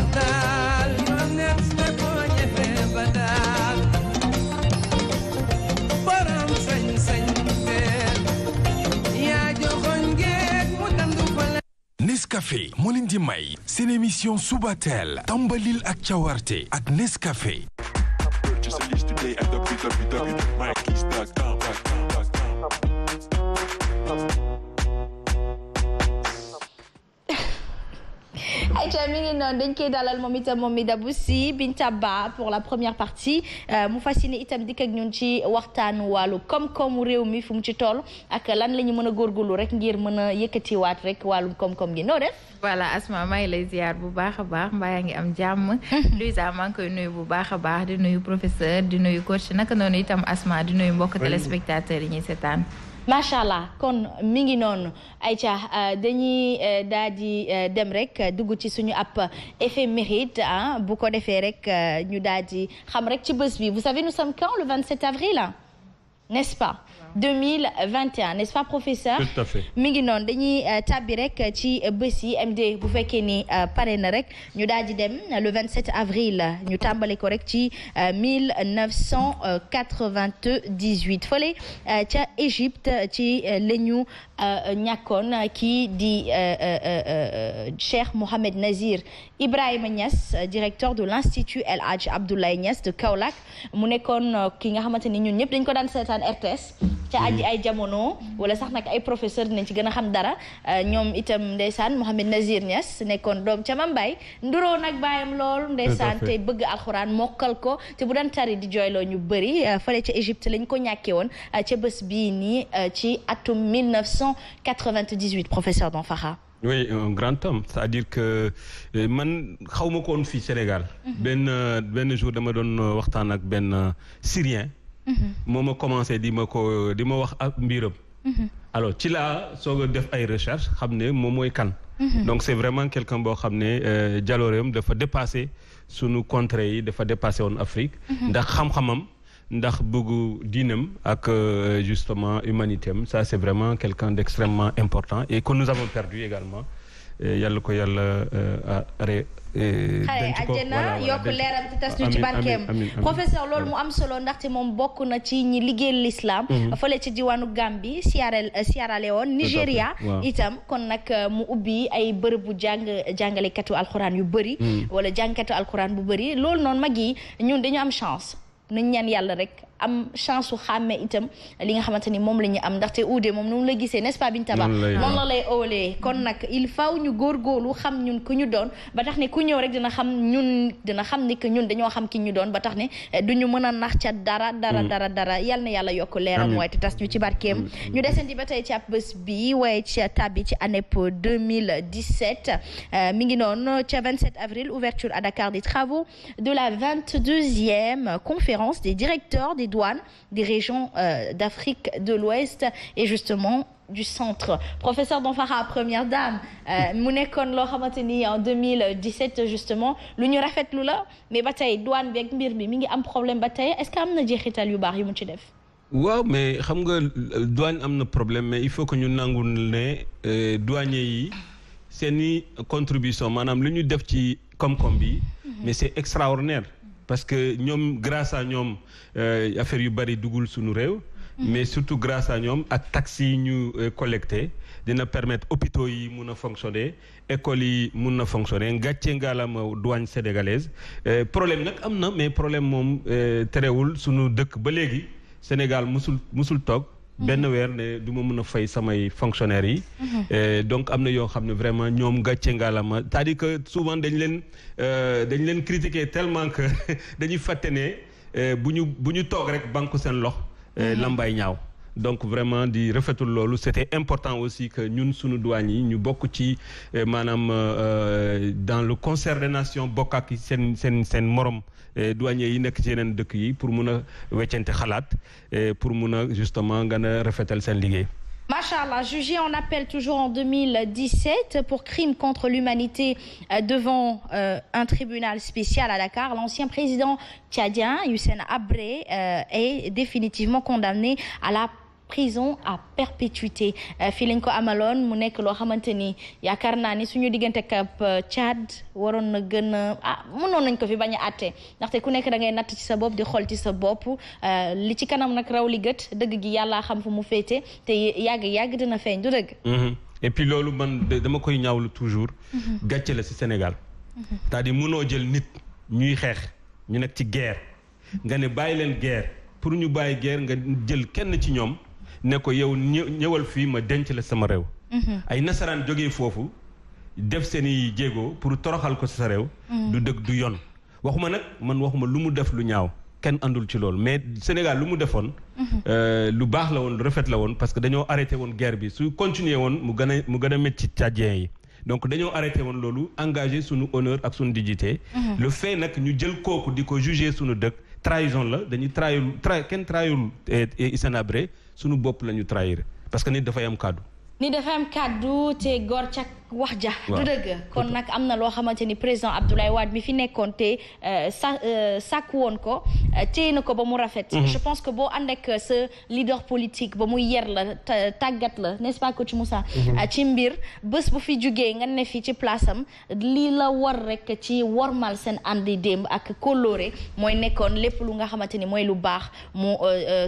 ndax daal lu neex na ko ñefe ba daal borom sañ-sañ yaa joxoon ngeeg tambalil ak cawarte ak Nescafé ayca mi ngi noonu dañ koy dalal moom itam moom mi dabu si Binta Ba pour la première partie euh, mu fasciné itam dikk ak ñun ci waxtaanu wàllu koom-koomu réew mi fu mu ci toll ak lan la ñu mën a góorgóorlu rek ngir mën a yëkkatiwaat rek wàllum koom-koom gi noo def. voilà Asma maa ngi lay ziar bu baax a baax mbaa yaa ngi am jàmm. Louisa maa ngi koy nuyu bu baax a baax di nuyu professeur di nuyu coach naka noonu itam Asma di nuyu mbokk téléspectateurs yi ñuy seetaan. macha allah kon mi ngi noonu Aïcha euh, dañuy euh, daal di euh, dem rek dugg ci suñu ab éphéméride ah bu ko defee rek ñu daal di xam rek ci bés bi vous savez nous sommes quand le 27 avril 2021 n'est-ce pas professeur mi ngi noonu dañuy euh, tàbbi rek euh, ci euh, bés yi MD bu fekkee ni pare na rek ñu daal di dem le 27 avril ñu tàmbale ko rek ci 1998 fële ca Égypte ci la ñu ñàkkoon kii di Cheikh Mohamed Nazir Ibrahima Niass directeur de l'Institut El Hadj Abdoulaye Niass de Kaolack mu nekkoon ki nga xamante ni ñun ñëpp dañ ko daan seetaan RTS ca aji mm-hmm. ay jamono wala sax nag ay professeur dinañ ci gën a xam dara euh, ñoom itam ndeysaan Mohamed Nazir Niass nekkoon doom ca Mambay nduroo nag bàyyam lool ndeysaan te bëgg alxuraan mokkal ko te bu daan tari di jooyloo ñu bëri euh, fale ca Égypte lañ ko ñàkkee woon euh, ca bés bii nii ci atum 1998 professeur Danfakha oui un grand homme c'est-à-dire que man xaw ma ko fii Sénégal mm-hmm. benn benn jour dama doon waxtaan ak benn Syrien Mm-hmm. moom a commencé di ma ko di ma wax ak mbiram. Mm-hmm. alors ci laa soog a def ay recherche xam ne moom mooy kan. Mm-hmm. donc c'est vraiment quelqu'un boo xam ne euh, jalooreem dafa dépassé sunu contrées yi dafa dépassé woon Afrique. ndax xam-xamam. ndax bëggu diinam ak euh, justement humanité am ça c'est vraiment quelqu'un d'extrêmement important et que nous avons perdu également yàlla ko yàlla euh, Eh, xare àjjana yokk leeram ci tas ñu ci barkeem professeur loolu mu am solo ndaxte moom bokk na ci ñi liggéey l'islam mhm. fële ci diwaanu Gambie Sierra eh, Leone Nigeria itam kon nag eh, mu ubbi ay bërëb bërëbu jàng jàngalekatu alxuraan yu bëri mhm. wala jàngkatu alxuraan bu bëri loolu noon mag yi ñun dañu am chance nañ ñaan yàlla rek am chance su xàmmee itam li nga xamante ni moom la ñu am ndaxte uude moom noonu la gisee n'est-ce pas Binta Ba moom la lay oolee kon nag il faut ñu góorgóorlu xam ñun ku ñu doon ba tax ne ku ñëw rek dina xam ñun dina xam ni que ñun dañoo xam ki ñu doon ba tax ne eh, du ñu mën a nax ca dara dara mm. dara dara yal na yàlla yokk leeram waaye te tas ñu ci barkeem mm. ñu desandi ba tey ci ab bés bi waaye ci tàbbi ci année 2017 eh, mi ngi noonu ca 27 avril ouverture à Dakar des travaux de la 22e conférence des directeurs des douanes des régions euh, d'Afrique de l'Ouest et justement du centre professeur Danfara première dame euh, hmm. mu nekkoon loo xamante ni en 2017 justement lu ñu rafetlu la mais ba tey douane bi ak mbir bi mi ngi am problème ba tey est-ce que am na jeexital yu baax yu mu ci def. waaw mais xam nga euh, douane am na problème mais il faut que ñu nangu ne euh, douanier yi contribution maanaam lu ñu def ci koom-koom bi. Hmm. mais c'est extraordinaire. parce que ñoom grâce à ñoom euh, affaire yu bari duggul suñu réew. Mm-hmm. mais surtout grâce ñoom ak taxes yi ñu euh, collecté dina permettre hôpitaux yi mun a fonctionner écoles yi mun na fonctionner ngàcce ngaalama duwaañ sénégalaise euh, problème nag am na mais problème moom terewul suñu dëkk ba léegi Sénégal musul musul toog. Mhm. benn weer ne du ma mën a fay samay fonctionnaires yi. Mhm. Eh, donc am na yoo xam ne vraiment ñoom gàcce ngaalama c'est-à-dire que souvent dañu leen euh, dañ leen critiquer tellement que dañuy fàtte ne eh, bu ñu bu ñu toog rek banku seen lox eh, mhm. lambay ñaaw. donc vraiment di rafetul loolu c'était important aussi que ñun suñu douane yi ñu bokk ci maanaam euh, euh, dans le concert des nations bokk ak seen seen seen morom Euh, douanier yi nekk ci dëkk yi pour mun a weccante xalaat euh, pour mun a justement gën a rafetal seen liggéey. Machallah, jugé en appel toujours en 2017 pour crime contre l'humanité euh, devant euh, un tribunal spécial à Dakar, l'ancien président tchadien Hissène Habré euh, est définitivement condamné à la prison à perpétuité euh, fii lañ ko amaloon mu nekk loo xamante ni yaakaar naa ni suñu diggante ak euh, Tchad waroon na gën a ah mënoon nañ ko fi bañ atte àtte ndaxte ku nekk da ngay natt ci sa bopp di xool ci sa bopp euh, li ci kanam nag raw li gët dëgg gi yàlla xam fu mu féete te yàgg yàgg dina feeñ du dëgg. Mm-hmm. et loolu man dama koy ñaawlu toujours. Mm-hmm. gàcce la ci Sénégal. Mm-hmm. cest à jël nit ñuy xeex ñu nekk ci guerre nga ne bàyyi leen guerre pour ñu bàyyi guerre nga jël kenn ci ñoom. ne ko yow ñëwal fii ma denc la sama réew mhm. ay nasaraan jógee foofu def seeni jéego pour toroxal ko sa réew mhm. du dëgg du yoon waxuma nag man waxuma lu mu def lu ñaaw kenn andul ci loolu mais Sénégal lu mu defoon mhm. euh, lu baax la woon lu rafet la woon parce que dañoo arrêté woon guerre bi su continuer woon mu gën a mu gën a métti yi donc dañoo arrêté woon loolu engagé suñu honneur ak suñu dignité le fait nag ñu jël kooku di ko jugé suñu dëkk trahison la dañu trahir tra kenn trahirul sunu bopp la ñu trahir parce que nit dafa am kàddu. nit dafay am kàddu te góor ca wax ja du dëgg kon nag am na loo xamante ni président Abdoulaye Wade mi fi nekkoon te euh, sa euh, sàkk woon ko euh, téye na ko ba mu rafet mm-hmm. je pense que boo ànd ak sa leader politique ba mu yer la tàggat la n'est-ce pas coach mm-hmm. ci mbir bés bu fi jugee nga ne fii ci place am lii la war rek ci wormal seen àndi démb ak coloré mooy nekkoon lépp lu nga xamante ni mooy lu baax mu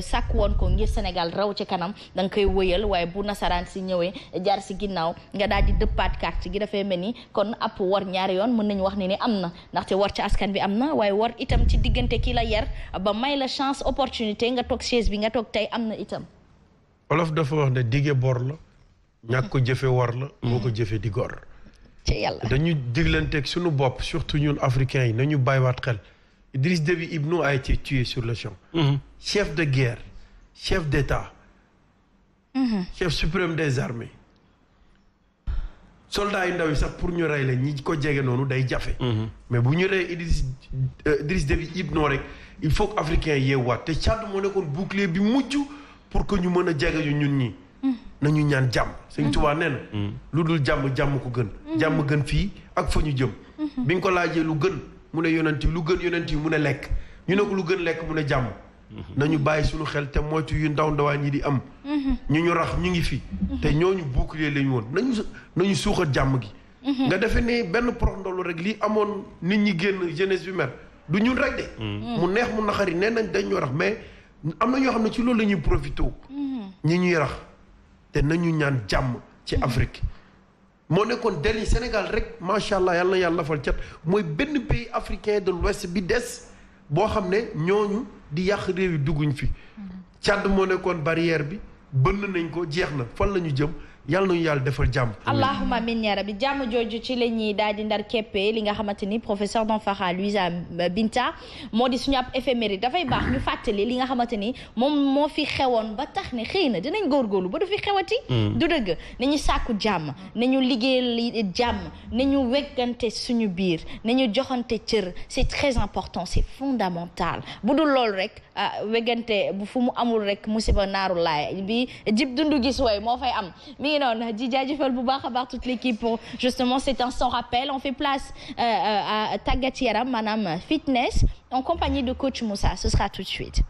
sàkk woon ko ngir Sénégal raw ci kanam da nga wëyal waaye bu nasaraan si ñëwee jaar si ginnaaw nga daal dëppaat joxaat carte gi dafay mel ni kon ab war ñaar yoon mën nañu wax ni ni am na ndaxte war ci askan bi am na waaye war itam ci diggante ki la yar ba may la chance opportunité nga toog chaise bi nga toog tey am na itam. olof dafa wax ne dige bor la. ñàkk ko jëfe war la. moo ko jëfe di gor. ci yàlla dañu diglanteeg suñu bopp surtout ñun africains yi nañu bàyyiwaat xel Idriss Déby Itno a été tué sur le champ. Mm-hmm. chef de guerre chef d' état. Mm-hmm. chef suprême des armées. soldats yu ndaw yi sax pour ñu rey la ñi ko jege noonu day jafe. Mhm. mais bu ñu rey Idriss euh, Idriss Déby Itno rek il faut que africain yeewaat te Tchad moo nekkoon bouclier bi mujj pour que ñu mën a jege ñu ñun ñi mhm. nañu ñaan jàmm. sëñ mhm. Tuubaa nee na. lu dul jàmm jàmm ko gën. jàmm gën fii ak fa ñu jëm. bi nga ko laajee lu gën mu ne yonent lu gën yonent yi mu ne lekk ñu ne ko lu gën lekk mu ne jàmm. nañu bàyyi suñu xel te moytu yu ndaw ndawaan yi di am ñu ñu rax ñu ngi fi te ñooñu bouclier lañu woon nañu nañu suuxat jàmm gi nga defe ne benn porox ndolu rek lii amoon nit ñi génn jeunesse bi du ñun rek de mu neex mu naqari nee nañ dañ ñu rax mais am na ñoo xam ne ci loolu la ñuy profité ñi ñuy rax te nañu ñaan jàmm ci Afrique moo nekkoon dernier Sénégal rek macha allah yàlla na yàlla fal cat mooy benn pays africain de l'ouest bi des boo xam ne ñooñu di yàq réew yi dugguñ fi. Mm-hmm. càdd moo nekkoon barrière bi bënn nañ ko jeex na fan la ñu jëm. yàlla nañu yàlla defal jàmm. allahumma amiin yaa rabbi jàmm jooju ci la ñuy daal di ndar keppe li nga xamante ni professeur Danfara Luisa Binta moo di suñu ab éphéméride dafay baax ñu fàttali li nga xamante ni moom moo fi xewoon ba tax ne xëy na dinañ góorgóorlu ba du fi xewati. Mm. du dëgg nañu sàkku jàmm nañu liggéeyal jàmm nañu weggante suñu biir nañu joxante cër c'est très important c'est fondamental bu dul loolu rek ah, weggante bu fu mu amul rek musiba naaru laay bi jib dundu gis moo fay am. ngi noonu di jaajëfal bu baax a baax toute l'équipe pour justement c'est un sans rappel on fait place à tàggat yaram maanaam fitness en compagnie de coach Moussa ce sera tout de suite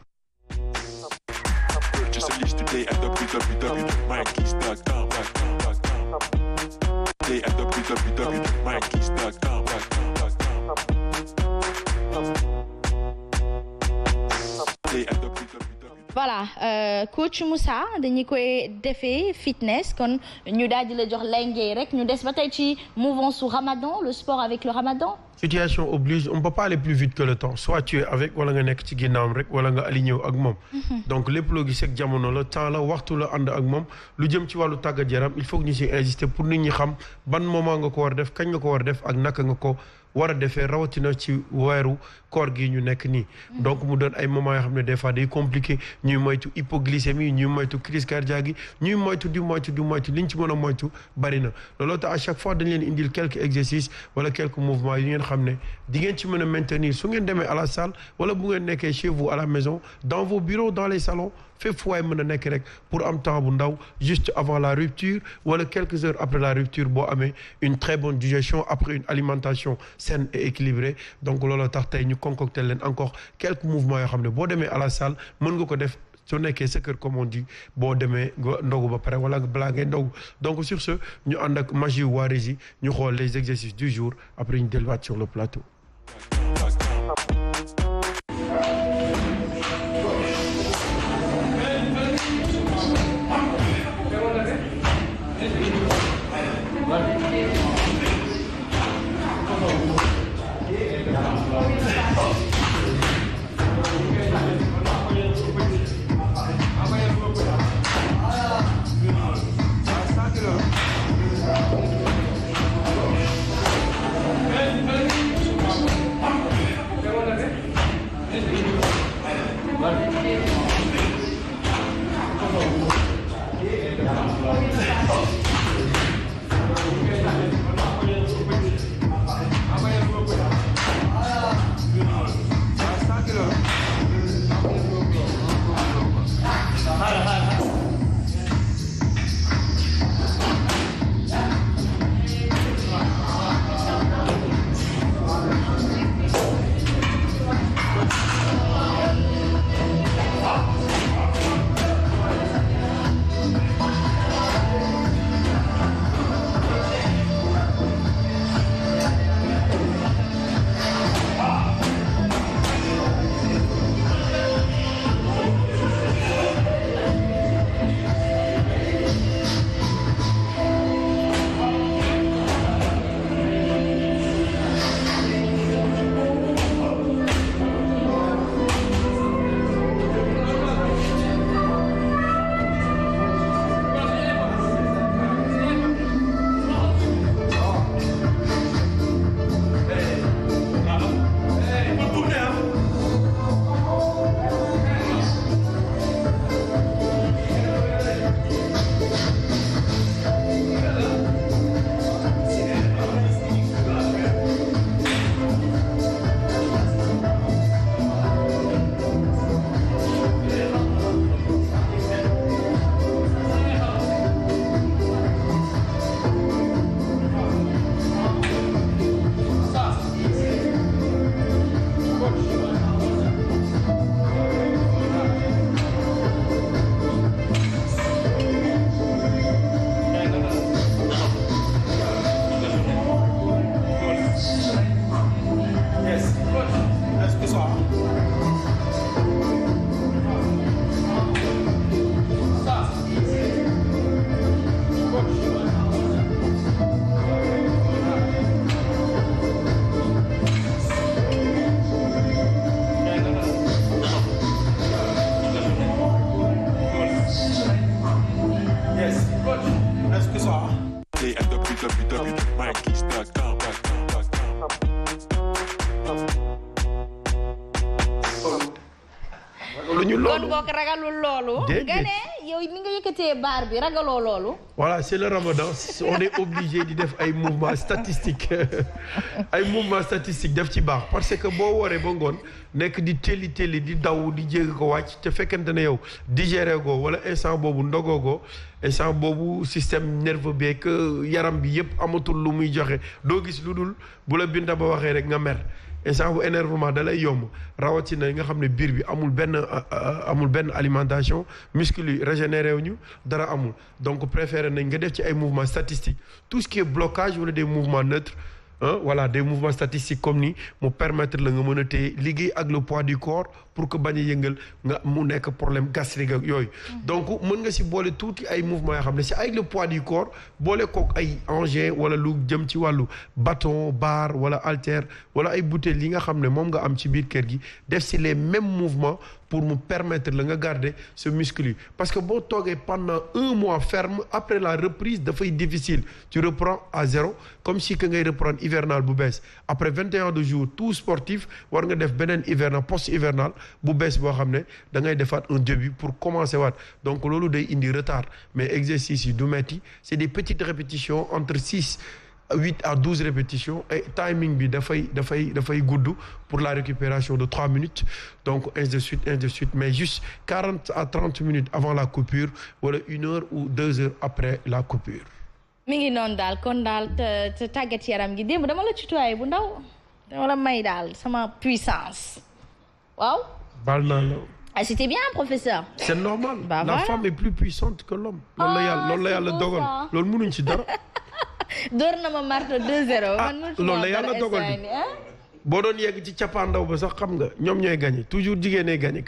voilà euh, coach Moussa dañu koy defee fitness kon ñu daal di la jox lengee rek ñu des ba tey ci mouvement sous Ramadan le sport avec le Ramadan. situation oblige on peut pas aller plus vite que le temps soit tu avec wala nga nekk ci ginnaawam rek wala nga aligné ak moom. Mhm. donc lépp loo gis ak jamono la temps la waxtu la ànd ak moom lu jëm ci wàllu tàggat jaram il faut que ñu si insister pour nit ñi xam ban moment nga ko war def kañ nga ko war def ak naka nga ko. war a defee rawatina ci weeru koor gi ñu nekk nii mm-hmm. donc mu doon ay moments yoo xam ne des fois day compliqué ñuy moytu hypoglycémie ñuy moytu crise cardiaque yi ñuy moytu di moytu di moytu liñ ci mën a moytu bari na looloo tax à chaque fois dañ leen indil quelques exercices wala quelques mouvements yi ngeen xam ne di ngeen ci mën a maintenir su ngeen demee à la salle wala bu ngeen nekkee chez a la maison dans vos bureaux dans les salons fépp fu waay mën a nekk rek pour am temps bu ndaw juste avant la rupture wala quelques heures après la boo amee une très bonne digestion après alimentation saine et équilibrée donc looloo tax tey ñu concocté leen encore quelques mouvements yoo xam ne boo demee à la salle mën nga ko def soo nekkee sa kër comme on dit boo demee nga ndogu ba pare wala balaa ngay ndogu donc sur ce ñu ànd ak magie waa Régie ñu xool les exercices du jours après ñu delluwaat sur le plateau. nga ne yow ni nga yëkkatee baar bi ragaloo loolu. voilà c'est le ramadan on est obligé di def ay mouvement statistique ay mouvement statistique def ci baax parce que boo wooree ba ngoon nekk di tëli tëli di daw di jéggi ko wàcc te fekkente ne yow digéré goo wala instant boobu ndogoo goo instant boobu système nerveux beeg euh, yaram bi yëpp amatul lu muy joxe doo gis lu dul bu la binda ba waxee rek nga mer. instant bu énervement da ay yomb rawatina yi nga xam ne biir bi amul benn euh, euh, amul benn alimentation muscles yi régénéré wu ñu dara amul donc préféré nañ nga def ci ay mouvements statistiques tout ce qui est blocage wala des mouvements neutres Euh, voilà des mouvements statistiques comme ni mu permettre la nga mën a téye liggéey ak le pois du corps pour que bañ a yëngal nga mu nekk problème gastrique ak yooyu. Mhm. donc mën nga si boole tuuti ay mouvements yoo xam ne si ay le poids du corps boole kook ay engins wala lu jëm ci wàllu bâton bar wala haltère wala ay bouteilles yi nga xam ne moom nga am ci biir kër gi def si les mêmes mouvements. pour mu permettre la nga garder ce muscle yi parce que boo toogee pendant un mois ferme après la reprise dafay difficile tu reprends à zéro comme si que ngay reprendre hivernal bu bees après vingt 21 de jour tout sportif war nga def beneen hivernal post hivernal bu bees boo xam ne dangay defaat un début pour commencer waat donc loolu day indi retard mais exercice yi du metti c'est des petites répétitions entre six huit à douze répétitions et timing bi dafay dafay dafay gudd pour la récupération de trois minutes donc ainsi de suite ainsi de suite mais juste à trente minutes avant la coupure wala une heure ou deux heures après la coupure. mi ngi noonu daal kon daal te tàggat yaram gi démb dama la tutoyé bu ndaw dama la may daal sama puissance waaw. bal naa la. ah c'était bien professeur. c'est normal. Bah, la voilà. femme est plus puissante que l'homme homme. loolu la yàlla ah, loolu la yàlla dogal loolu mënuñ ci dara. door na ma marto 2-0. loolu la yàlla dogal bi ah? boo doon yegg ci cappaandaw ba sax xam nga ñoom ñooy gagné toujours jigéen ñooy gagné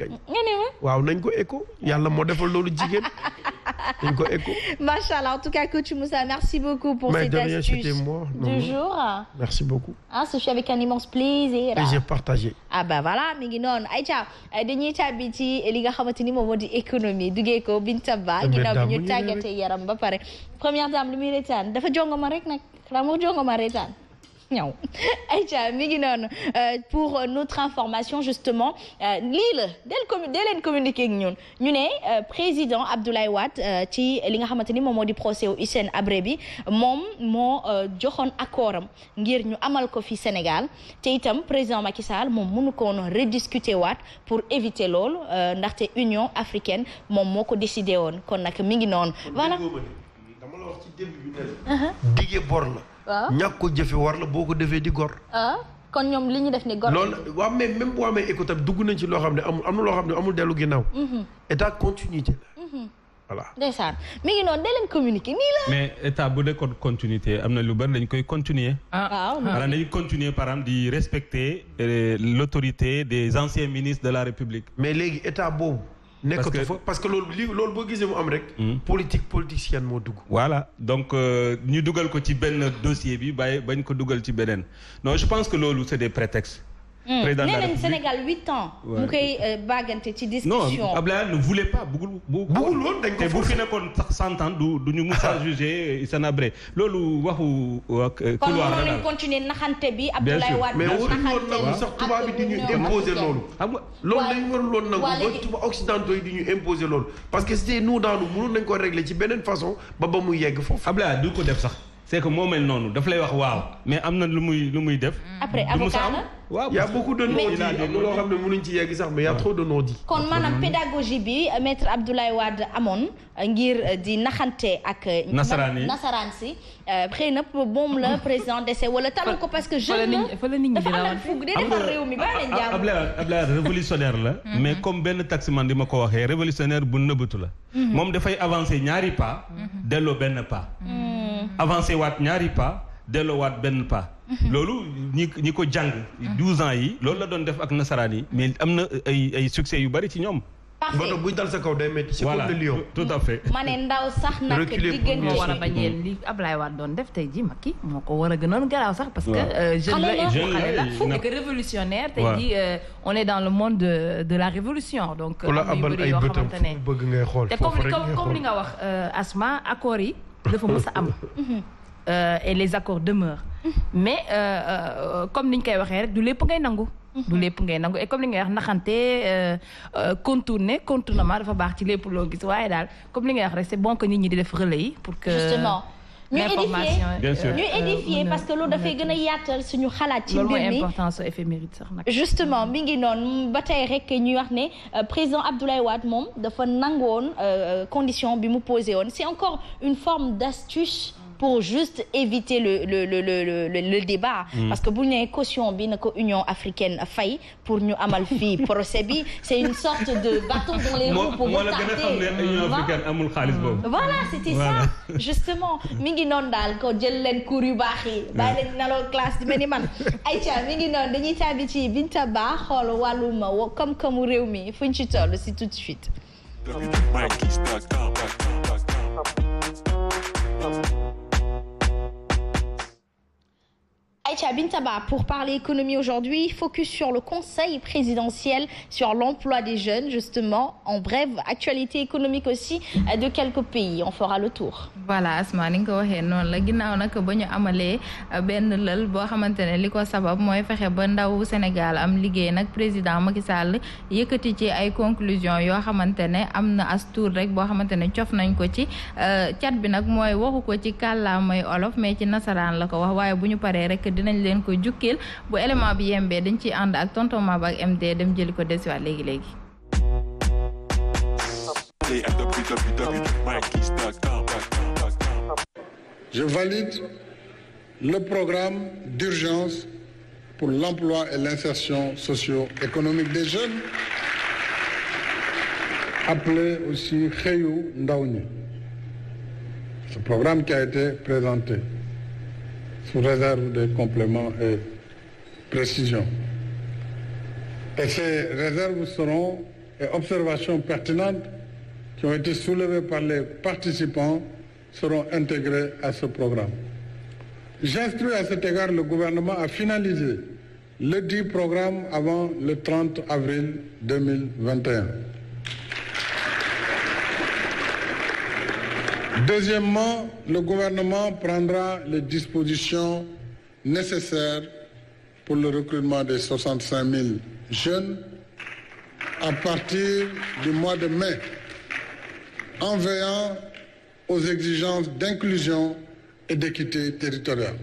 waaw nañ ko écho yàlla moo defal loolu jigéen. éco, éco. Machallah, en tout cas, coach Moussa, merci beaucoup pour Mais cette de rien, astuce moi, non, du jour. Merci beaucoup. Ah, ce suis avec un immense plaisir. Plaisir partagé. Ah bah voilà, mi ngi noonu Aïcha euh, dañuy tàbbi ci euh, li nga xamante ni moom moo di économie duggee ko Binta Ba ginnaaw bi ñu tàggatee yaram ba pare première dame lu muy reetaan dafa jongoma rek nag xam nga jongoma reetaan ñaw ayca mi ngi noonu euh, pour notre information justement euh, lii la del commu communiqué ak ñun ñu ne euh, président Abdoulaye Wade ci li nga xamante ni moom moo di procès wu Hissène Habré bi moom moo joxoon accord am ngir ñu amal ko fi Sénégal te itam président Macky Sall moom mënu ko woon rediscuter waat pour éviter loolu ndaxte Union africaine moom moo ko décidé woon kon nag mi ngi noonu. voilà waaw ah? ñàkk ko jëfe war la boo ko defee di gor. Ah? kon ñoom li ñu def ni gor. loolu waaw mais même boo amee éco dugg nañ ci loo xam ne amul am na loo xam ne amul dellu ginnaaw. Mm-hmm. état continuité la. Mm-hmm. voilà ndeysaan mi ngi mais état bu dee continuité am na lu bari dañ koy continuer. ah waaw ah. maanaam dañuy continuer par exemple di respecter euh, l'autorité des anciens ministres de la république. mais léegi état boobu. nekkatu fa parce que loolu li loolu boo gisee mu am rek. Hmm. politique politicienne moo dugg. voilà donc euh, ñu dugal ko ci benn dossier bi bàyyi bañ ko dugal ci beneen non je pense que loolu c'est des prétextes. président nee nañ Sénégal huit ans. mu koy euh, bàggante ci discussion. non Ablaye ne voulait pas bëggul bu. bëggul woon dañ te bu fi nekkoon sax cent du du ñu mus a jugé Hissène Habré loolu waxu. Euh, couloir kon mënoon continuer naxante bi na Wade. mais waruñu woon nangu sax tubaab bi di ñu imposer loolu. xam nga loolu lañu waruñu woon nangu ba tubaab ñu imposer loolu. parce que c'était nous dans nous mënoon nañ ko régler ci beneen façon ba ba muy yegg foofu. Ablaye du ko def sax. c'est que moo noonu daf lay wax waaw mais am na lu muy lu muy def. a beaucoup am na loo xam ne mënuñ ci yegg sax mais y' a trop de non-dits. kon maanaam pédagogie bi maître Abdoulaye Wade amoon euh, ngir euh, ak. Euh, nasaraan yi nasaraan si. xëy na moom la président dese wala talu ko parce que. jeune la fa la nit ñi dafa am defar réew mi ba leen jàmm. Abdoulaye Abdoulaye révolutionnaire la. Mhm. mais comme benn taximan di ma ko waxee révolutionnaire bu nëbbatu la. Mhm. moom dafay avancer ñaari pa mhm. delloo benn pa avancé waat ñaari pas delloowaat benn pas. Mhm. loolu ñi ñi ko jàng. 12 mhm. ans yi loolu la doon def ak nasaraan yi mais am na ay ay succès yu bari ci ñoom. parfait buy dal sa kaw day métti. voilà tout à ma ne ndaw sax nag diggante moo a bañeen mhm. li doon def tey jii mag moo ko war a gënoon garaaw sax parce que. Euh, jeune la et xale la et que euh, dans le monde de de la révolution donc. ku la abal ay bëtam bëgg ngay xool foofu te comme li nga wax euh, Asma accord yi. dafa mës a am. Mhm. Euh, et les accords demeurent. Mhm. mais euh, euh, comme niñ koy waxee rek du lépp ngay nangu. Mhm. du lépp ngay nangu et comme li ngay wax naxante contourner contournement dafa baax ci lépp loo gis waaye daal comme li ngay wax rek c'est bon que nit ñi di def relais yi pour que. justement ñu édifier euh, ñu euh, édifier parce que loolu dafay gën a yaatal suñu xalaat ci mbir mi loolu mooy importance éphéméride sax nag justement mi ngi noonu ba tey rek ñuy wax ne euh, président Abdoulaye Wade moom dafa nangoon condition bi mu posé woon c'est encore une forme d'astuce pour juste éviter le débat. Mm. parce que bu ñu nee caution bi na ko Union africaine fay pour ñu amal fii procès bi c'est une sorte de bâton dans les roues. pour moo la gën a xam ne Union africaine amul xaalis boobu. voilà c'était voilà. ça justement mi ngi noonu daal ko jël leen cours yu baax yi. bàyyi leen naloo classe di mel ni man. Aïcha mi ngi noonu dañuy tàbbi ci Binta Ba xool wàllum koom-koomu réew mi fuñ ci toll si Aïcha Bintaba, pour parler économie aujourd'hui, focus sur le conseil présidentiel, sur l'emploi des jeunes, justement. En bref, actualité économique aussi euh, de quelques pays. On fera le tour. voilà Asma ni nga ko waxee noonu la ginnaaw nag ba ñu amalee euh, benn lël boo xamante ne li ko sabab mooy fexe ba ndaw Sénégal am liggéey nag président Macky Sall yëkkati ci ay conclusion yoo xamante ne am na as tuur rek boo xamante ne cof nañ ko ci euh, cat bi nag mooy waxu ko ci kàllaamay mais ci nasaraan la ko dinañ leen koy jukkeel bu élément bi yembee dañ ciy ànd ak tonton Maba ak MD dem jëli ko desiwaat léegi léegi. Je valide le programme d'urgence pour l'emploi et l'insertion socio-économique des jeunes, appelé aussi Xëyu Ndaw ñi. Ce programme qui a été présenté sous réserve des compléments et précisions. Et ces réserves seront et observations pertinentes qui ont été soulevées par les participants seront intégrées à ce programme. J'instruis à cet égard le gouvernement à finaliser le dit programme avant le 30 avril 2021. Deuxièmement, le gouvernement prendra les dispositions nécessaires pour le recrutement des 65 000 jeunes à partir du mois de mai, en veillant aux exigences d'inclusion et d'équité territoriale.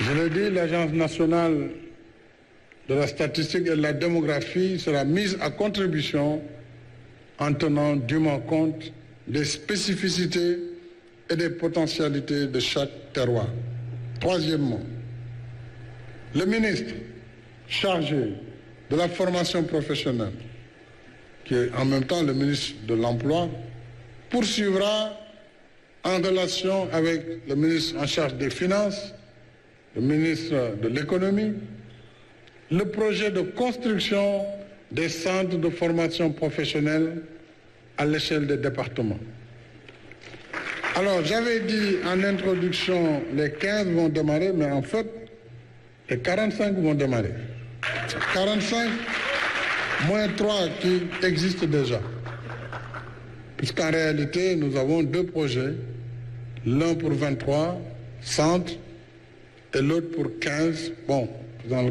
Je l'ai dit, l'Agence nationale de la statistique et de la démographie sera contribution en tenant dûment compte des spécificités et des potentialités de chaque terroir. Troisièmement, le ministre chargé de la formation professionnelle, qui est en même temps le ministre de l'Emploi, poursuivra en relation avec le ministre en charge des Finances, le ministre de l'Économie, le projet de construction des centres de formation professionnelle à l'échelle des départements. Alors, j'avais dit en introduction, les 15 vont démarrer, mais en fait, les 45 vont démarrer. 45 moins 3 qui existent déjà. Puisqu'en réalité, nous avons deux pour 23 centres et l'autre pour 15. Bon, dans le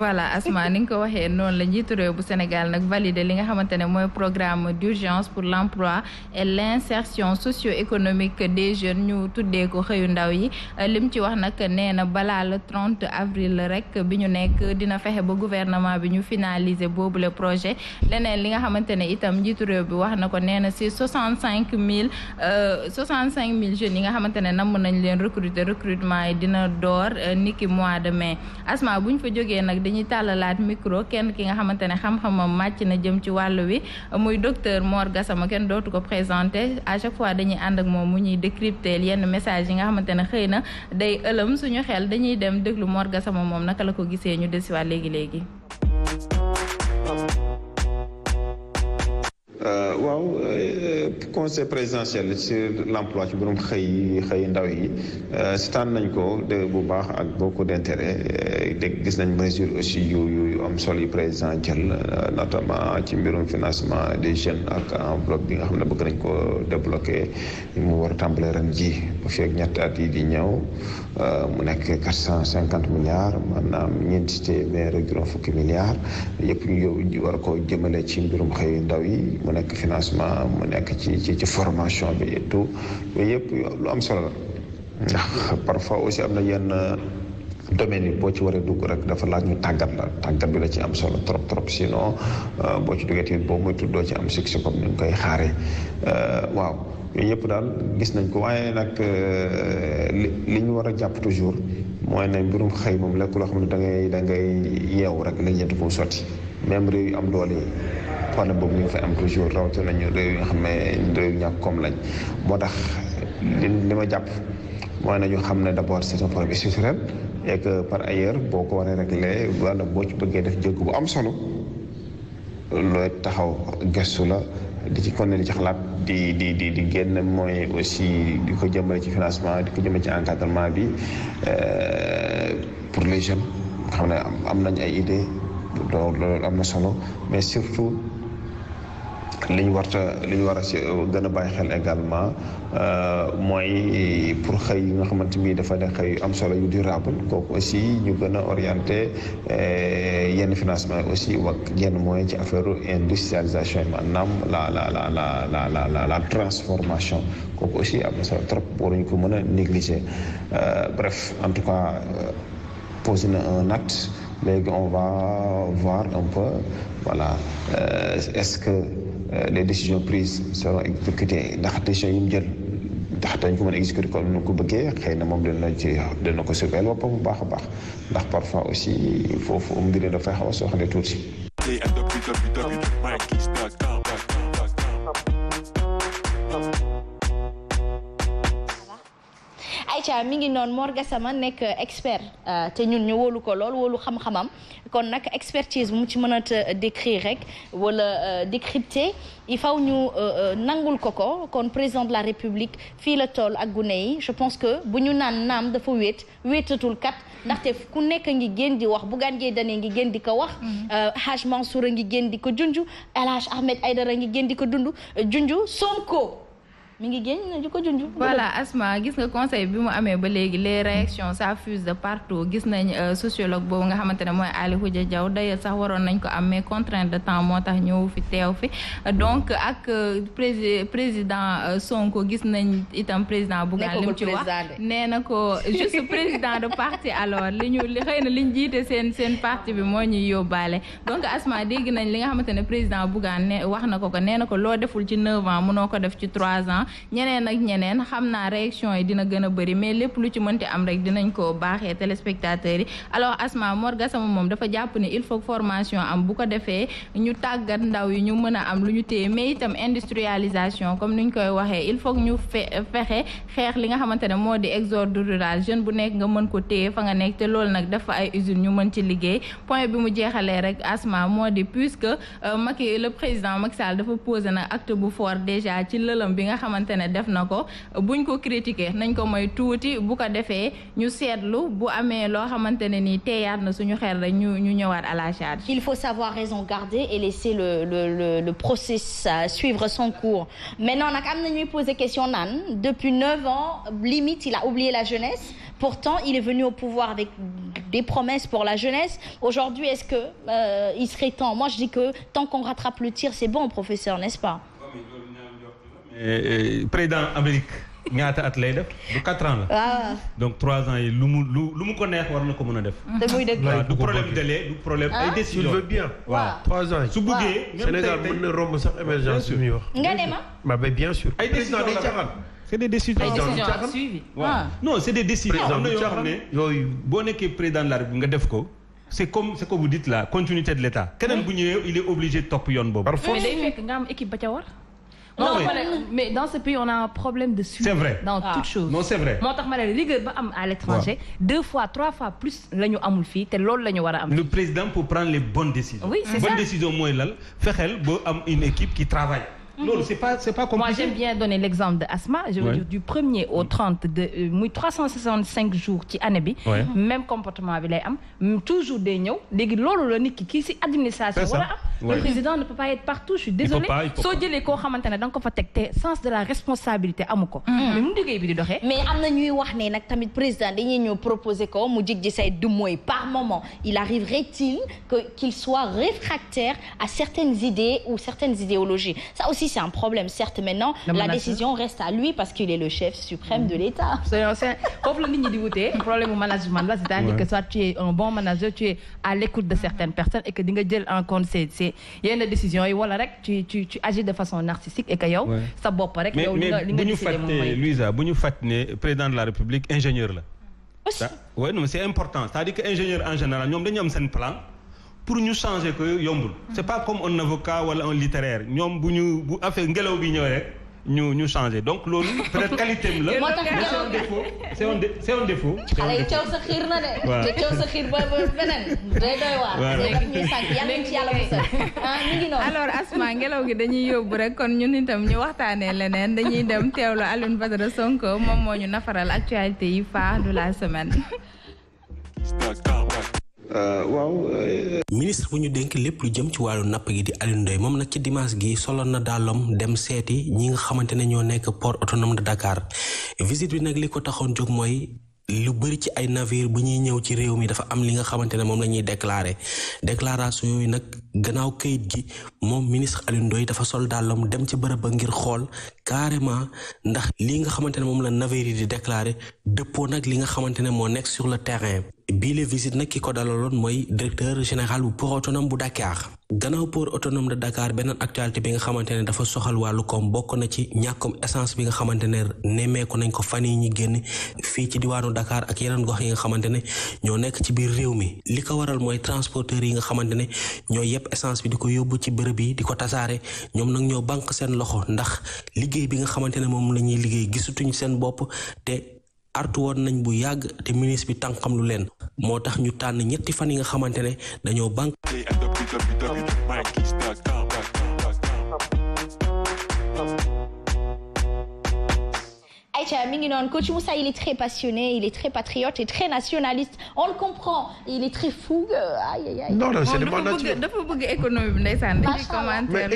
voilà Asma ni nga ko waxee noonu la njiitu réew bu Sénégal nag validé li nga xamante ne mooy programme d'urgence pour l'emploi et l'insertion socio-économique des jeunes ñu tuddee ko xëyu ndaw yi lim ci wax nag nee na balaa le 30 avril rek bi ñu nekk dina fexe ba gouvernement bi ñu finaliser boobu le projet leneen li nga xamante ne itam njiitu réew bi wax na ko nee na si 65 000 65 000 jeunes yi nga xamante ne namm nañ leen recruter recrutement yi dina door euh, niki mois de mai dañuy tàllalaat micro kenn ki nga xamante ne xam-xamam màcc na jëm ci wàll wi muy docteur Mor sama kenn dootu ko présenté à chaque fois dañuy ànd ak moom mu ñuy décrypter yenn message yi nga xamante ne xëy na day ëlëm suñu xel dañuy dem déglu morga sama moom naka la ko gisee ñu desiwaat léegi léegi. Euh, waaw euh, conseil présidentiel sur l'emploi ci borom xëy xëy ndaw yi euh, setaan nañ ko de bu baax ak beaucoup d'intérêt de gis nañ mesure aussi yu yu am solo yi président jël notamment ci mbirum financement des jeunes ak enveloppe bi nga xam ne bëgg nañ ko débloqué mu war a tàmbale ren ji ba feeg ñetti at yi di ñëw mu nekk quatre cent cinquante milliards maanaam ñeenti téeméer ak juróom fukki milliards yëpp ñu war ko jëmale ci mbirum xëy ndaw yi mu nekk financement mu nekk ci ci ci formation bi et tout yooyu yëpp lu am solo la ndax parfois aussi am na yenn domaine yi boo ci waree dugg rek dafa laaj ñu tàggat la tàggat bi la ci am solo trop trop sinon euh, boo ci duggee tamit boo moytu doo ci am succès comme ni nga koy xaaree euh, waaw yooyu yëpp daal gis nañ ko waaye nag euh, li li ñu war a jàpp toujours mooy nañ mbirum xëy moom lekk loo xam ne da ngay da ngay yeewu rek la ñetti ko sotti même réew yu am doole problème boobu ñu ngi am toujours rawatina ñu réew yi nga xam ne réew ñàkk koom lañ moo tax li ma jàpp mooy nañu xam ne d' abord c' est un problème structurel et par ailleurs boo ko waree réglé wala boo ci bëggee def jéego bu am solo taxaw gëstu la di ci konne di ci xalaat di di di di génn mooy aussi di ko jëmale ci financement di ko ci encadrement bi euh, pour les jeunes xam ne am nañ ay idées loolu am na solo mais surtout li ñu war a li ñu war a si euh, gën a bàyyi xel également euh, mooy pour xëy yi nga xamante ni dafa de xëy am solo yu durable kooku aussi ñu gën a orienté euh, yenn financement aussi wax yenn mooy ci affaire industrialisation yi maanaam la la la la la la transformation kooku aussi am na solo trop waruñu ko mën a négliger bref en tout cas posé na un acte léegi on va voir un peu voilà est-ce que Euh, les décisions prises seront exécutées ndax décision yi mu jël ndax dañ ko mën a exécuter kon nu ko bëggee xëy na moom dana ci na ko surveiller boppam bu baax a baax ndax parfois aussi foofu mbir yi dafay xaw a soxla tuuti. Aïcha mi ngi noonu Mor Gassama nekk expert euh, te ñun ñu wóolu ko lool wóolu xam-xamam kon nag expertise mu ci mën a décrire rek wala euh, décrypter il faw ñu euh, nangul ko ko kon président de la république fii la tool ak gune yi je pense que bu ñu naan naam dafa wéet wéetatul kat ndaxte ku nekk ngi génn di wax Bougane Gueye Dany ngi génn di ko wax mm-hmm. Hadj Mansour a ngi génn di ko junj El Hadj Ahmed Aïdara ngi génn di ko dund junj Sonko mi ngi génn di voilà Asma gis nga conseil bi mu amee ba léegi les réactions ça fuse de partout gis nañ euh, sociologue boobu nga xamante ne mooy Aly Khoudia Diaw d'ailleurs sax waroon nañ ko am mais contrainte de temps tax ñëw fi teew fi donc ak euh, prési président euh, Sonko gis nañ itam président Bougane li mu ci wax nee na ko juste président de parti li ñu li xëy na li ñu seen seen parti bi moo ñuy yóbbaale donc Asma dégg nañ li nga xamante ne président Bougane ne wax na ko ko nee na ko loo deful ci neuf ans mënoo ko def ci trois ans ñeneen ak ñeneen xam naa réaction yi dina gën a bëri mais lépp lu ci mënti am rek dinañ ko baaxee téléspectateurs yi alors Asma Mor Gassama moom dafa jàpp ne il faut formation am bu ko defee ñu tàggat ndaw yi ñu mën a am lu ñu téye mais itam industrialisation comme ni koy waxee il faut ñu fe fexe xeex li nga xamante ne moo di exode rural jeune bu nekk nga mën ko téye fa nga nekk te lool nag dafa ay usine ñu mën ci liggéey point bi mu jeexalee rek Asma moo di puisque euh, Macky le président Macky Sall dafa posé nag acte bu fort déjà ci lëlëm bi nga xamante xamante ne def na ko buñ ko critiquer nañ ko mooy tuuti bu ko defee ñu seetlu bu amee loo xamante ne nii teeyaat na suñu xel rek ñu ñu ñëwaat à la charge. il faut savoir raison garder et laisser le le le, le process euh, suivre son cours no nag am na ñuy poser question naan depuis neuf ans limite il a oublié la jeunesse pourtant il est venu au pouvoir avec des promesses pour la jeunesse aujourd'hui est-ce que euh, il serait temps je dis que tant qu'on rattrape le tir c'est bon professeur Euh, euh, président Amérique ñaata at lay def du quatre ans la. Ah. donc trois ans yi lu mu lu lu mu ko neex war na ko man a def. te muy dëgg du problème délai du problème ah. ay décision. il veut bien su buggee Sénégal mën na su muy wax. nga ne ma. mais bien sûr. ay décision day caxaan. c' est des décisions à suivi ah. non c' est des décisions ne yooyu boo nekkee de la République nga def ko. c' est comme c' est comme vous dites de l' état. keneen bu ñëwee il est obligé topp yoon boobu. par force mais day fekk nga am équipe non mais dans ce pays on a un problème de suivi. c'est vrai dans ah. toute chose non c'est vrai. moo tax ma ne liggéey ba am à l'étranger deux fois trois fois plus la ñu amul fii te loolu la ñu war a am. le président pour prendre les bonnes décisions. oui c'est ça bonne décision mooy lal fexeel ba am une équipe qui travaille. Mhm. loolu c'est pas c'est pas compliqué. moi euh, cinq jours ci année bi ouais. Mhm. même comportement bi lay am toujours day ñëw léegi loolu la nit ki kii si a am le président ne peut pas être partout je soo jëlee koo xamante ne da nga ko fa teg te sens de la responsabilité amu ko mhm. mais bi di doxee mais am na ñuy wax ne nag tamit président dañuy ñëw proposer ko mu jig ji say du mooy par moment il arriverait que qu'il soit réfractaire à certaines idées ou certaines idéologies c'est un problème certes maintenant la décision reste à lui parce qu'il est le chef suprême de l'État mm. foofu la nit ñi di wutee problème management la c'est-à-dire que soit tu es un bon manager tu es à l'écoute de certaines personnes et que di nga jël en compte ces ces yenn décisions yi wala rek tu tu tu agis de façon narcissique et que yow sa bopp rek yow li nga li nga décidé moom mooy Luisa bu ñu fàtte ne président de la République ingénieur la aussi oui non c'est important c'est-à-dire que ingénieur en général ñoom dañu am seen plan pour ñu changer ko yombul. c'est pas comme un avocat wala un littéraire ñoom bu ñu bu affaire ngelaw bi ñëw rek ñu ñu changer donc loolu peut-être qualité am la. moo tax Asma ngelaw gi dañuy yóbbu rek kon ñu itam ñu waxtaanee leneen dañuy dem la Alioune Badara Sonko moom moo ñu nafaral actualité yi phare de la semaine. Euh, waaw. Euh, ministre bu ñu denk lépp lu jëm ci wàllu napp gi di Alioune Ndoye moom nag ci dimaas gi soloon na dàllam dem seeti ñi nga xamante ne ñoo nekk port autonome de Dakar visite bi nag li ko taxoon jóg mooy. lu bëri ci ay navire bu ñuy ñëw ci réew mi dafa am li nga xamante ne moom la ñuy déclaré déclaration yooyu nag gannaaw kayit gi moom ministre Alioune Ndoye dafa sol dàllam dem ci bërëb ba ngir xool carrément ndax li nga xamante ne moom la Navary di déclaré dëppoo nag li nga xamante ne moo nekk sur le terrain bii la visite nag ki ko dalaloon mooy directeur général bu port autonome bu Dakar gannaaw port autonome de Dakar beneen actualité bi nga xamante ne dafa soxal wàllu koom bokk na ci ñàkkum essence bi nga xamante ne nemmeeku nañ ko fan yi ñu génn fii ci diwaanu Dakar ak yeneen gox yi nga xamante ne ñoo nekk ci biir réew mi li ko waral mooy transporteurs yi nga xamante ne ñoo yëpp essence bi di ko yóbbu ci bërëb yi di ko tasaare ñoom nag ñoo banque seen loxo ndax liggéey liggéey bi nga xamante ne moom la ñuy liggéey gisatuñ seen bopp te artu woon nañ bu yàgg te ministre bi tànqam lu leen moo tax ñu tànn ñetti fan yi nga xamante ne dañoo banque Aïcha mi ngi noonu coach Moussa il est très passionné il est très patriote et le comprend il est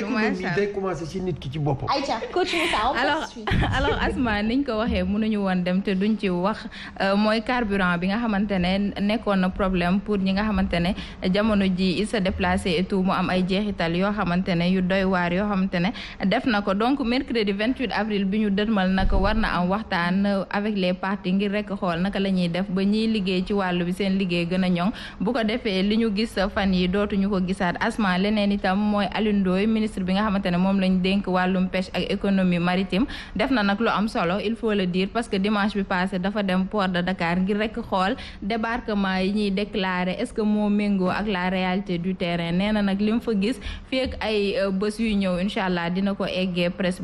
euh, ci nit ki ci boppam. Aïcha coach Moussa Asma niñ ko waxee mënuñu woon dem te duñ ci wax euh, mooy carburant bi nga xamante ne nekkoon na problème pour ñi nga xamante ne jamono ji il sa déplacé et mu am ay jeexital yoo xamante ne yu doy waar yoo xamante ne def na ko donc mercredi 28 avril bi ñu dërmal na ko war na am waxtaan euh, avec les parties ngir rek xool naka la ñuy def ba ñiy liggéey ci wàllu bi seen liggéey gën a ñoŋ bu ko defee li ñu gis fan yi dootuñu ko gisaat asma leneen itam mooy Alioune ministre bi nga xamante ne moom lañ dénk wàllum pêche ak économie maritime def na nag lu am solo il faut le diir parce que dimanche bi passé dafa dem port de Dakar ngir rek xool débarquement yi ñuy déclarer est-ce que moo méngoo ak la réalité du terrain nee na nag li mu fa gis fii ak ay euh, bés yu ñëw incha dina ko eggee presse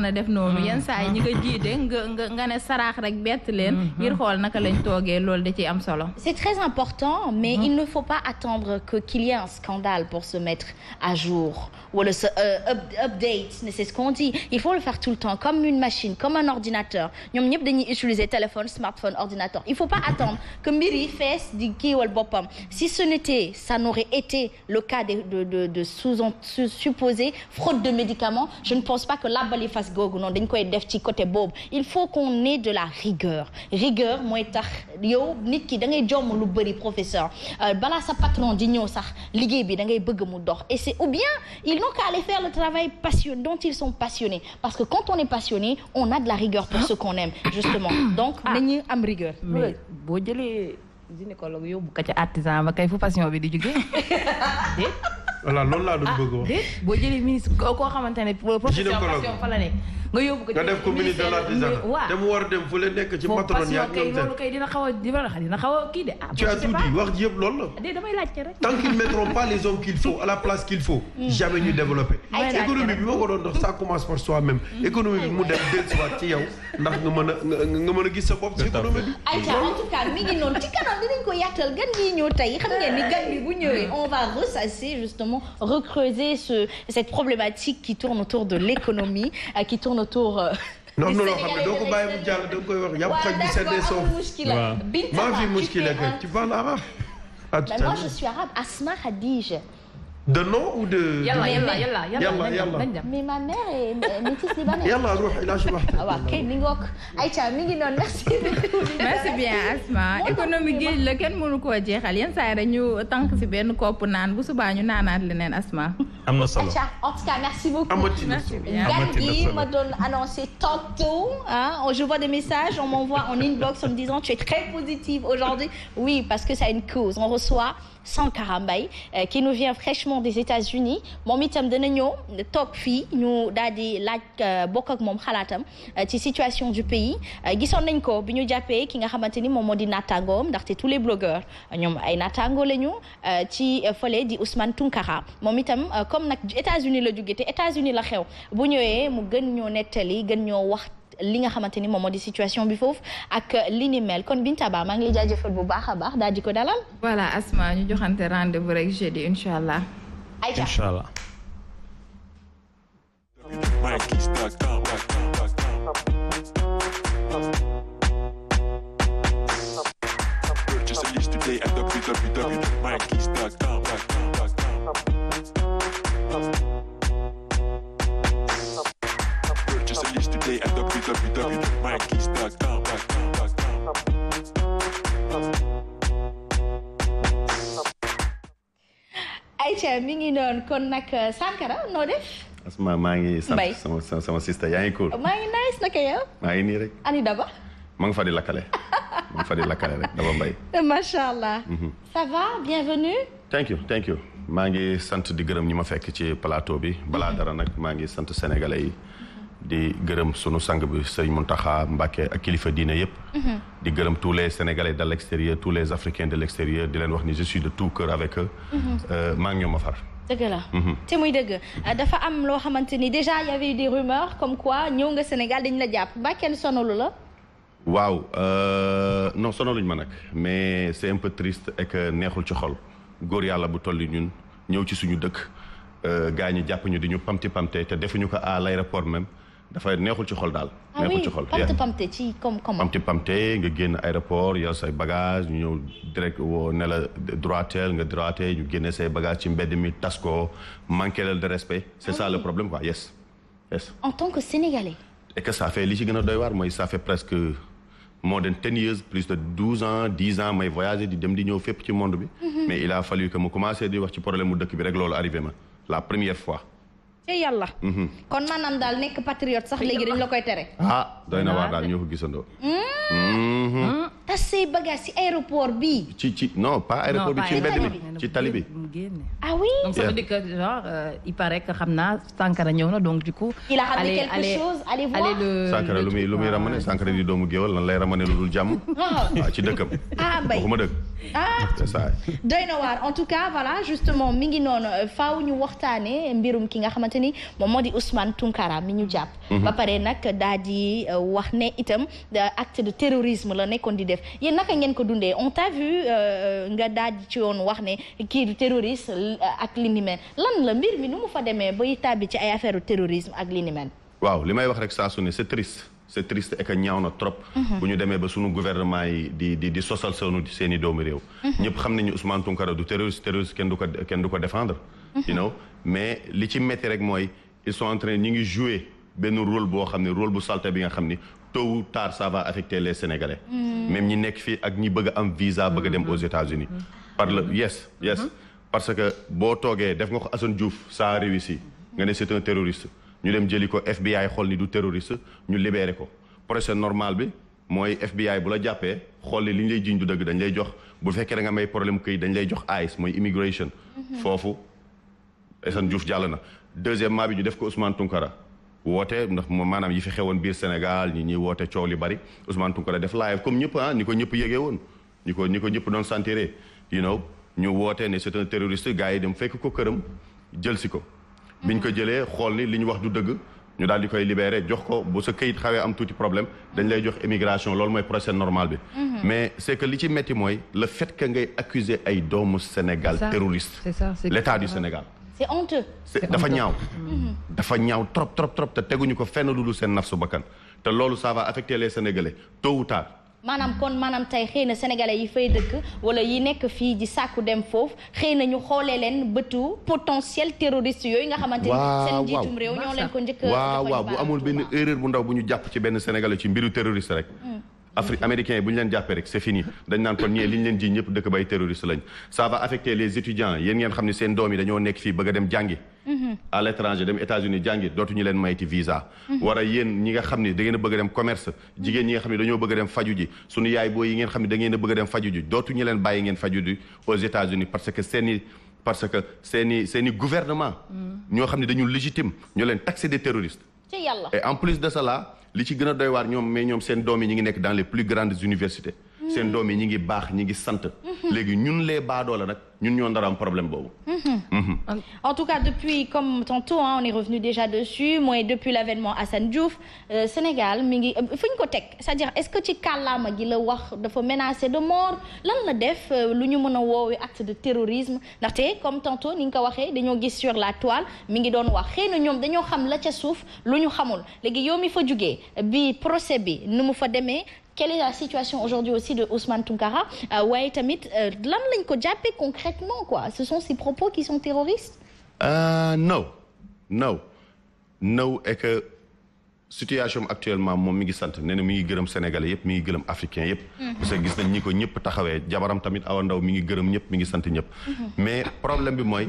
na def noonu mm-hmm. yenn saa yi ñi nga jiite nga nga ne saraax rek bett leen mm-hmm. ngir xool naka lañ tooge loolu da ciy am solo c'est très important mais mm-hmm. il ne faut pas attendre que qu'il y ait un scandale pour se mettre à jour wala se euh, update c'est ce qu'on dit il faut le faire tout le temps comme une machine comme un ordinateur ñoom ñëpp dañuy utiliser téléphone smartphone ordinateur il faut pas attendre que mbir yi fees di kiiwal boppam si ce n'était ça n'aurait été le cas de de cohérence googu noonu dañ koy def ci côté boobu il faut qu'on ait de la rigueur rigueur mooy tax yow nit ki da ngay jomm lu bëri professeur euh, balaa sa patron di ñëw sax liggéey bi da ngay bëgg mu dox et c'est ou bien ils n'ont qu'à aller faire le travail dont ils sont passionnés parce que quand on est passionné on a de la rigueur pour ce qu'on aime justement donc ah. nañu am rigueur mais boo jëlee gynécologue yóbbu ko ca artisan ba kay fu passion bi di jógee voilà loolu laa doon ah, bëgg wax. déet boo jëlee ministre koo xamante ne. gynécologue profession fa la nekk. nga yóbbu ko. nga def ko ministre de l'artisanat waaw te mu war dem fu leen nekk ci matron yaa ngi loolu kay dina xaw a dina xaw a kii de. ah tu as tout dit wax ji yëpp loolu la. Ah, damay laajte rek. tant qu'ils ne mettront pas les hommes qu'il faut à la place qu'il faut. Hmm. jamais ñu développer. économie bi ma ko doon dox ça commence par soi-même. Hmm. économie bi mu dem dellusiwaat ci yow ndax nga mën a nga mën a gis sa bopp ci économie bi. ayca en tout cas mi ngi noonu ci kanam dinañ ko yaatal gan ñi ñëw tey xam ngeen ni gan bi bu ñëwee on va ressasser justement recreuser ce cette problématique qui tourne autour de l'économie euh, qui tourne na tour. Euh, non non loo xam ne doo ko bàyyi mu jàll da nga koy wax yàpp xaj bi seddee soow. waaw maa fi muskila kay tu parles arabe. à ah, tout à l'heure mais moi je suis arabe Asma Khadija. de nom ou de. yàlla yàlla yàlla yàlla yàlla mais ma mère est métisse libanaise. yàlla ruux il a ah waaw kay mi ngi wokk Aïcha mi ngi noonu merci. merci bien Asma économie géej la kenn mënu koo jeexal yenn saa yi rek ñu tànk si benn kopp naan bu subaa ñu naanaat leneen Asma. am na solo Aïcha en tout cas merci beaucoup. amatina gan gi ma doon ah annoncé tantôt ah je vois des messages on m'envoie en inbox en me disant tu es très positive aujourd'hui oui parce que ça a une cause on reçoit. Sankara Mbaye euh, qui nous vient fraîchement des États-Unis moom itam dana ñëw toog fii ñu daal di laaj euh, bokk ak moom xalaatam euh, ci situation du pays gisoon nañ ko bu ñu jàppee ki nga xamante ni moom moo di naataangoom ndaxte tous les blogueurs ñoom ay naataango la ñu ci fële di Ousmane Tunkara moom itam comme nag États-Unis la jóge te États-Unis la xew bu ñëwee mu gën ñoo nettali gën ñoo wax li nga xamante ni moom moo di situation bi foofu ak li ni mel kon Binta Ba maa ngi lay jaajëfal bu baax a baax daal di ko dalal. voilà Asma ñu joxante rendez-vous rek jeudi incha allah. ayca release today at www.mikeys.com. Aïcha mi ngi noonu kon nag euh, Sankara noo def. asma maa ngi sant sama sama sista yaa ngi cool. maa ngi nice naka yow. maa ngi nii rek. ani daba. maa ngi fa di lakkale. maa ngi fa di lakkale rek daba mbay. macha allah. Mhm. ça va bienvenue. thank you thank you. maa ngi sant di gërëm ñi ma fekk ci plateau bi balaa dara nag maa ngi sant sénégalais yi. di gërëm sunu sang bi Serigne Mountakha Mbacké ak kilifa diine yépp mhm. di gërëm tous les sénégalais de l'extérieur tous les africains de l'extérieur di leen wax ni je suis de tout cœur avec eux. Mhm. Euh, maa a far. dëgg la. Mhm. te muy dëgg euh, dafa am loo xamante ni déjà y des rumeurs comme quoi ñëw nga Sénégal dañ la jàpp ba kenn sonalu la. waaw euh, non sonaluñ ma nag mais c'est un peu triste et neexul ci xol góor yàlla bu tolli ñun ñëw ci suñu dëkk gaa ñi jàpp ñu di ñu pamti pamte te defuñu ko à l'aéroport même. dafa neexul ci xol daal. Ah neexul ci xol ah oui pamte pamte ci comme nga génn aéroport yor say bagage ñu ñëw direct woo ne la droitel nga droite ñu génne say bagage ci mbedd mi tas ko manqué leen de respect. c'est ça ah le problème quoi yes yes. en tant que sénégalais. et que li ci gën a doy war mooy ça presque more than ten years plus de douze ans dix ans may voyager di dem di ñëw fépp ci monde bi. Mm-hmm. mais il a fallu que mu commencé di wax ci problème mu dëkk bi rek loolu arrivé ma la première fois. te yàlla. Mhm. kon maanaam daal nekk patriote sax léegi dañ la koy tere. ah doy na waar daal ñoo ko gisandoo. Hmm. Mhm. Ah. tas say bagages ci aéroport bi ci ci non pas aéroport bi ci mbedd ci tali ah oui donc ça euh, xam naa Sankara ñëw na donc du coup a ramené quelque chose lu muy lu muy ramené Sankara di doomu géwal lan lay ramené lu dul jàmm waaw ah. ah, ci dëkkam ah mbay ah. mi ngi noonu euh, faaw ñu waxtaane mbirum ki nga xamante ni moom moo di Ousmane Tounkara mi ñu jàpp mhm. ba pare nag daa di euh, wax ne itam acte de terrorisme la nekkoon di def def yéen naka ngeen ko dundee on t'a vu euh, euh, nga daal ci yoon wax ne kii du terroriste euh, ak li ni mel lan la mbir mi nu mu fa demee bay tàbbi ci ay affaire terrorisme ak li ni mel waaw li may wax rek saa su ne c'est triste c'est triste et ñaaw na trop mhm. bu ñu demee ba sunu gouvernement yi di di di sosal sunu seen i doomu réew mhm. ñëpp xam nañu Ousmane Tounkara du terroriste terroriste kenn du ko kenn du ko défendre mhm. you mais li ci métti rek mooy ils sont en ñi ngi jouer benn rôle boo xam ne rôle bu salté bi nga xam ni tôt ou tard ça va affecter les Sénégalais. Mm. même ñi nekk fii ak ñi bëgg a am visa bëgg dem mm-hmm. aux États-Unis mm-hmm. par le yes yes mm-hmm. parce que boo toogee def nga ko asson Diouf saa a réussi nga ne c'est un terroriste ñu dem jëli ko FBI xool ni du terroriste ñu libéré ko procès normal bi mooy FBI bu la jàppee xool li ñu lay jiñ du dëgg dañ lay jox bu fekkee da nga may problème këy dañ lay jox ICE mooy immigration foofu Assane Diouf jàll na deuxièmement bi ñu def ko Ousmane Tounkara woote ndax moo maanaam yi fi xewoon biir Sénégal ñi ñuy woote coow li bari Ousmane Tounkara def live comme ñëpp ah ni ko ñëpp yëgee woon ñi ko ñi ko ñëpp doon sentiré you ñu woote ne c'est un terroriste gars yi dem fekk ko këram jël si ko biñ ko jëlee xool ni li ñu wax du dëgg ñu daal di koy libéré jox ko bu sa këyit xawee am tuuti problème dañ lay jox émigration loolu mooy procès normal bi mhm. mais c'est que li ci métti mooy le fait que ngay accuser ay doomu Sénégal terroriste l'état du Sénégal c'est honteux. dafa ñaaw. Mm-hmm. dafa ñaaw trop trop trop te teguñu ko fenn lu dul seen nafsu bakkan te loolu ça va affecter les sénégalais tôt ou maanaam kon maanaam tey xëy na sénégalais yi fay dëkk wala yi nekk fii di sàkku dem foofu xëy na ñu xoolee leen bëtu potentiel terroriste yooyu nga xamante ni seen njiitum réew ñoo leen ko njëkk waaw bu amul benn erreur bu ndaw bu ñu jàpp ci benn sénégalais ci mbiru terroriste rek mm. Afrique américain yi bu ñu leen jàppee rek c'est fini dañ naan kon ñee li ñu leen ji ñëpp dëkk bay terroriste lañ ça va affecter les étudiants yéen ngeen xam ne seen doom yi dañoo nekk fii bëgg a dem jàngi mm-hmm. à l'étranger dem États-Unis jàngi dootuñu leen mayti visa mm-hmm. war a yéen ñi nga xam ne da ngeen a bëgg a dem commerce jigéen ñi nga xam ne dañoo bëgg a dem faju ji suñu yaay boo yi ngeen xam ne da ngeen a bëgg a dem faju ji dootuñu leen bàyyi ngeen faju ji aux États-Unis parce que seeni parce que seeni seeni gouvernement mm. ñoo xam ne dañu légitime ñoo leen taxé des terroristes et de cela li ci gën a doy waar ñoom mais ñoom seen doom yi ñu ngi nekk dans les plus grandes universités seen doom yi ñi ngi baax ñi ngi sant. Mhm. léegi ñun les baadoola nag ñun ñoo ndara am problème boobu. Mhm. Mhm. en tout cas depuis comme tantôt hein, on est revenu déjà dessus mooy depuis l'avènement Assane Diouf euh, Sénégal mi ngi euh, fu ñu ko teg cest dire est-ce que ci kàllaama gi la wax dafa menacé de mort lan la def euh, lu ñu mën a woowee acte de terrorisme ndaxte comme tantôt ni nga ko waxee dañoo gis sur la toile mi ngi doon wax xëy ñoom dañoo xam la ca suuf lu ñu xamul léegi yow quelle est la situation aujourd'hui aussi de Ousmane Tounkara tamit euh, euh, lan lañ ko jàppee concrètement quoi ce sont ces propos qui sont terroristes euh, non non non que situation actuellement moom mi ngi sant nee na mi ngi gërëm sénégalais yëpp mi ngi gërëm africain yëpp mhm. parce que gis nañ ni ko ñëpp taxawee jabaram tamit awa ndaw mi ngi gërëm ñëpp mi ngi sant ñëpp mhm. mais problème bi mooy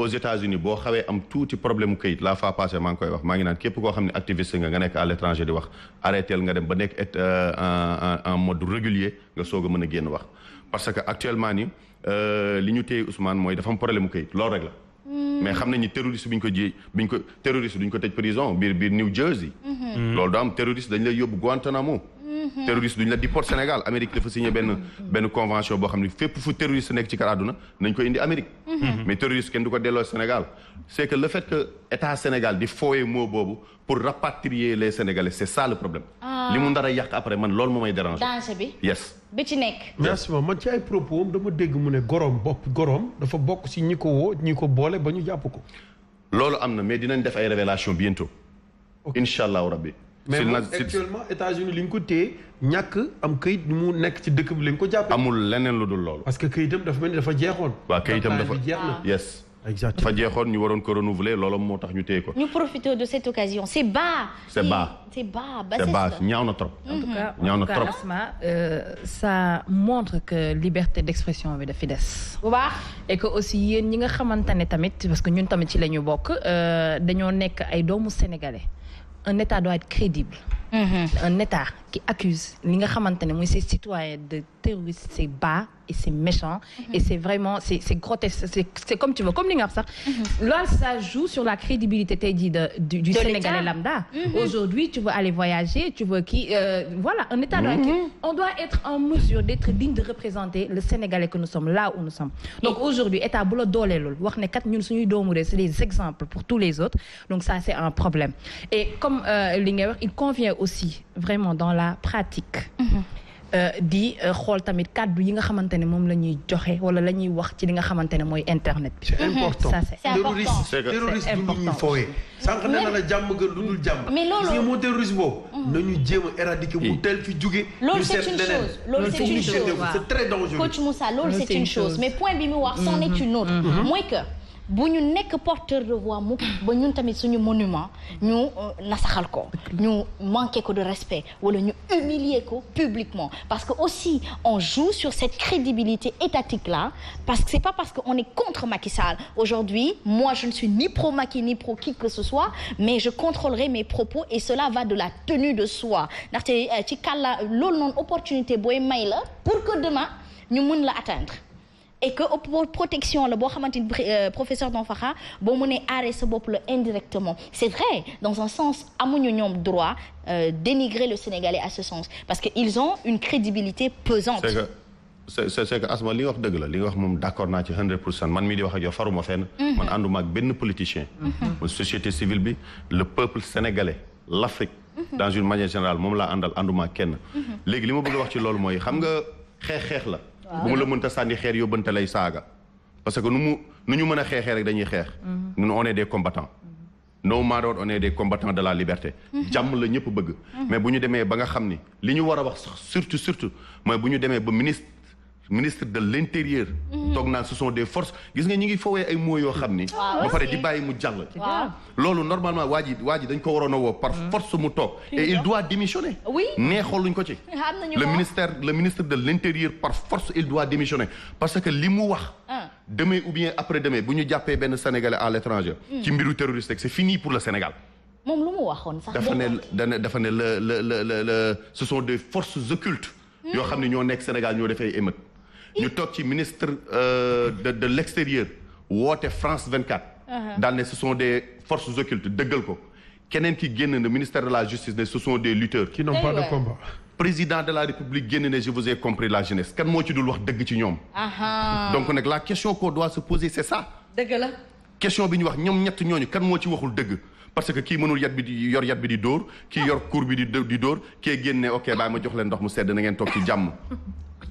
aux États-Unis boo xawee am tuuti problème mu këyit laa faa passé maa ngi koy wax maa ngi naan képp koo xam ne activiste nga nga nekk à l'étranger di wax arrêtel nga dem ba nekk et euh, en mode régulier nga soog a mën a génn wax parce que actuellement ni euh, li ñu téye Ousmane mooy dafa am problème mu këyit loolu rek la hmm. mais xam nañu terroriste bi ñu ko ji bi ñu ko terroriste ko tëj prison biir biir New Jersey. Hmm. loolu daa am terroriste dañ lay yóbbu Guantanamo Mhm. terroriste duñ la déport Sénégal Amérique dafa signé benn benn convention boo xam ne fépp fu terroriste nekk ci kar àdduna nañ ko indi Amérique mhm. mais terroriste kenn du ko delloo Sénégal c'est que le fait que état Sénégal di fooye moo boobu pour rapatrier les Sénégalais c'est ça le problème ah. li mu ndara yàq après man loolu moo may déranger danger bi yes bi ci nekk merci man ci ay propos dama dégg mu ne gorom bopp gorom dafa bokk si ñi ko woo ñi ko boole ba ñu jàpp ko loolu am na mais dinañ def ay révélation bientôt incha allahu rabbi mais moom actuellement États-Unis li ñu ko téye ñàkk am këyit mu nekk ci dëkk bi li ko jàppee. amul leneen lu dul loolu. parce que këyitam dafa mel ni dafa jeexoon. waaw këyitam dafa jeex na yes. exactement dafa jeexoon ñu waroon ko renouveler loolu moo tax ñu téye ko. ñu profité de cette occasion c'est bas. c'est bas c'est bas c'est bas ñaaw na trop. en tout cas ñaaw na trop Asma euh, ça montre que liberté d'expression bi dafi des. bu baax que aussi yéen ñi nga xamante ne tamit parce que ñun tamit ci lañu ñu bokk euh, dañoo nekk ay doomu sénégalais. un État doit être crédible. Mmh. Un État qui accuse li nga xamante ne mooy ces citoyens de terroristes c'est bas et c'est méchant mm -hmm. et c'est vraiment c'est c'est grotesque c'est c'est comme tu veux comme li nga xam sax mhm. là ça joue sur la crédibilité tey jii de du, du Sénégalais lambda mm -hmm. aujourd'hui tu veux aller voyager tu veux qui euh, voilà un état mm -hmm. on doit être en mesure d'être digne de représenter le Sénégalais que nous sommes là où nous sommes donc aujourd'hui état bu la doolee loolu wax ne kat ñun suñuy doomu réew c'est des exemples pour tous les autres donc ça c'est un problème et comme euh, li nga wax il convient aussi vraiment dans la pratique. Mhm. Euh, di euh, xool tamit kàddu yi nga xamante ne moom la ñuy joxe wala la wax ci li nga xamante ne mooy internet bi. c'est important c'est important na la jàmm gën lu dul jàmm. mais loolu si moo terroriste boobu. Mhm. nañu jéem a éradiquer mu c'est une chose loolu c'est une c'est une chose mais point bi mu wax c'en mhm. est une autre. mooy que. bu ñu nekk porteur de voix mukk ba ñun tamit suñu monument ñu euh, nasaxal ko ñu manqué ko de respect wala ñu humilier ko publiquement parce que aussi on joue sur cette crédibilité étatique là parce que c'est parce que on est contre Macky Sall aujourd'hui moi je ne suis ni pro Macky ni pro qui que ce soit mais je contrôlerai mes propos et cela va de la tenue de soi ndaxte euh, ci kàlla loolu noonu opportunité booy may la pour que demain ñu mën la atteindre et que protection la boo xamante ni euh, professeur Danfakha boo mënee aaree sa bopp la indirectement c'est vrai dans un sens amuñu ñoom droit euh, dénigrer le Sénégalais à ce sens parce que ils ont une crédibilité pesante. c'est que c'est li nga wax dëgg la li nga wax moom d'accord naa ci pour cent man mi di wax ak yow faruma fenn. Mm-hmm. man ànduma ak benn politicien. man mm-hmm. société civile bi le peuple sénégalais l'Afrique. Mm-hmm. dans une manière générale moom laa àndal ànduma ak kenn. léegi li ma wax ci loolu mooy xam nga xeex la. bu ma la mënta sànni xeer yóbbante lay saaga parce que nu mu nu ñu mën a xeexee rek dañuy xeex ñun mm-hmm. on est des combattants mm-hmm. no matter on est des combattants de la liberté mm-hmm. jàmm la ñëpp bëgg mais bu ñu demee ba nga xam ni li ñu war a wax sax surtout surtout mooy bu ñu demee ba ministre ministre de l' intérieur. Mhm. toog naa ce sont des forces gis nga ñu ngi foowee ay mots yoo xam ni. ba pare di bàyyi mu jàll. loolu normalement waa ji waa dañ ko waroon a woo par mhm. force mu toog. et il doit démissionner. oui neexoon luñ ko ci. le ministère le ministre de l' intérieur par force il doit démissionner parce que li mu wax. Ah. demain ou bien après deme bu ñu jàppee benn sénégalais à l' étranger. Hmm. ci mbiru terroriste c' est fini pour le Sénégal. moom lu mu waxoon sax. dafa ne dafa ne la la la ñoo nekk Sénégal ñoo defee émeute. ñu toog ci ministre euh, de de l'extérieur woote France 24. Uh-huh. daal ne ce sont des forces de dëggal ko keneen ki génn na ministère de la justice ne ce sont des lutteurs. qui de combat. président de la république génn ne je vous ai compris la jeunesse kan moo ci dul wax dëgg ci ñoom. Uh-huh. donc nag la question qu'on doit se poser c'est ça. dëgg la. question bi ñu wax ñoom ñett ñooñu kan moo ci waxul dëgg parce que kii mënul yat bi di yor yat bi di dóor kii yor cour bi di di dóor kii génne ok ma jox leen ndox mu sedd na ngeen toog ci jàmm.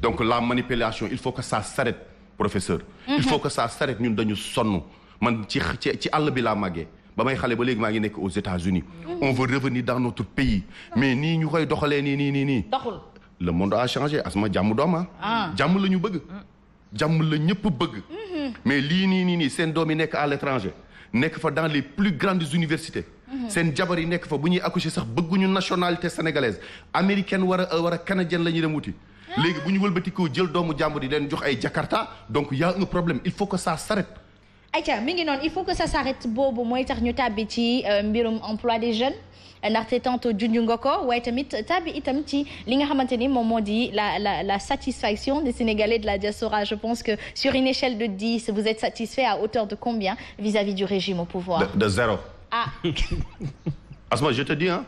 donc la manipulation il faut que ça s'arrête professeur il mhm. faut que ça s'arrête ñun dañu sonn man ci ci àll bi laa màggee ba may xale ba léegi maa ngi nekk aux États-Unis mhm. on veut revenir dans notre pays mhm. mais nii ñu koy doxalee nii nii nii nii doxul le monde a changé asma jàmm dooma ah. ah. jàmm la ñu bëgg jàmm la ñëpp bëgg mais lii nii nii nii seen doom yi nekk à l'étranger nekk fa dans les plus grandes universités seen jabar yi nekk fa bu ñuy accoucher sax bëgguñu nationalité sénégalaise américaine war a war a canadienne la ñuy dem wuti léegi bu ñu wëlbatikoo jël doomu jàmbur yi jox ay jakarta donc y a problème il faut que ça s'arrête Aïcha mi ngi noonu il faut que sa s'arrête boobu mooy tax ñu tàbbi ci euh, mbirum emploi des jeunes ndaxte tantôt junju nga ko waaye tamit tàbbi itam ci li nga xamante ni moom moo di la la la satisfaction des Sénégalais de la diaspora je pense que sur une échelle de dix vous êtes satisfait à hauteur de combien vis-à-vis du régime au pouvoir. de, de zéro. ah. Asma je te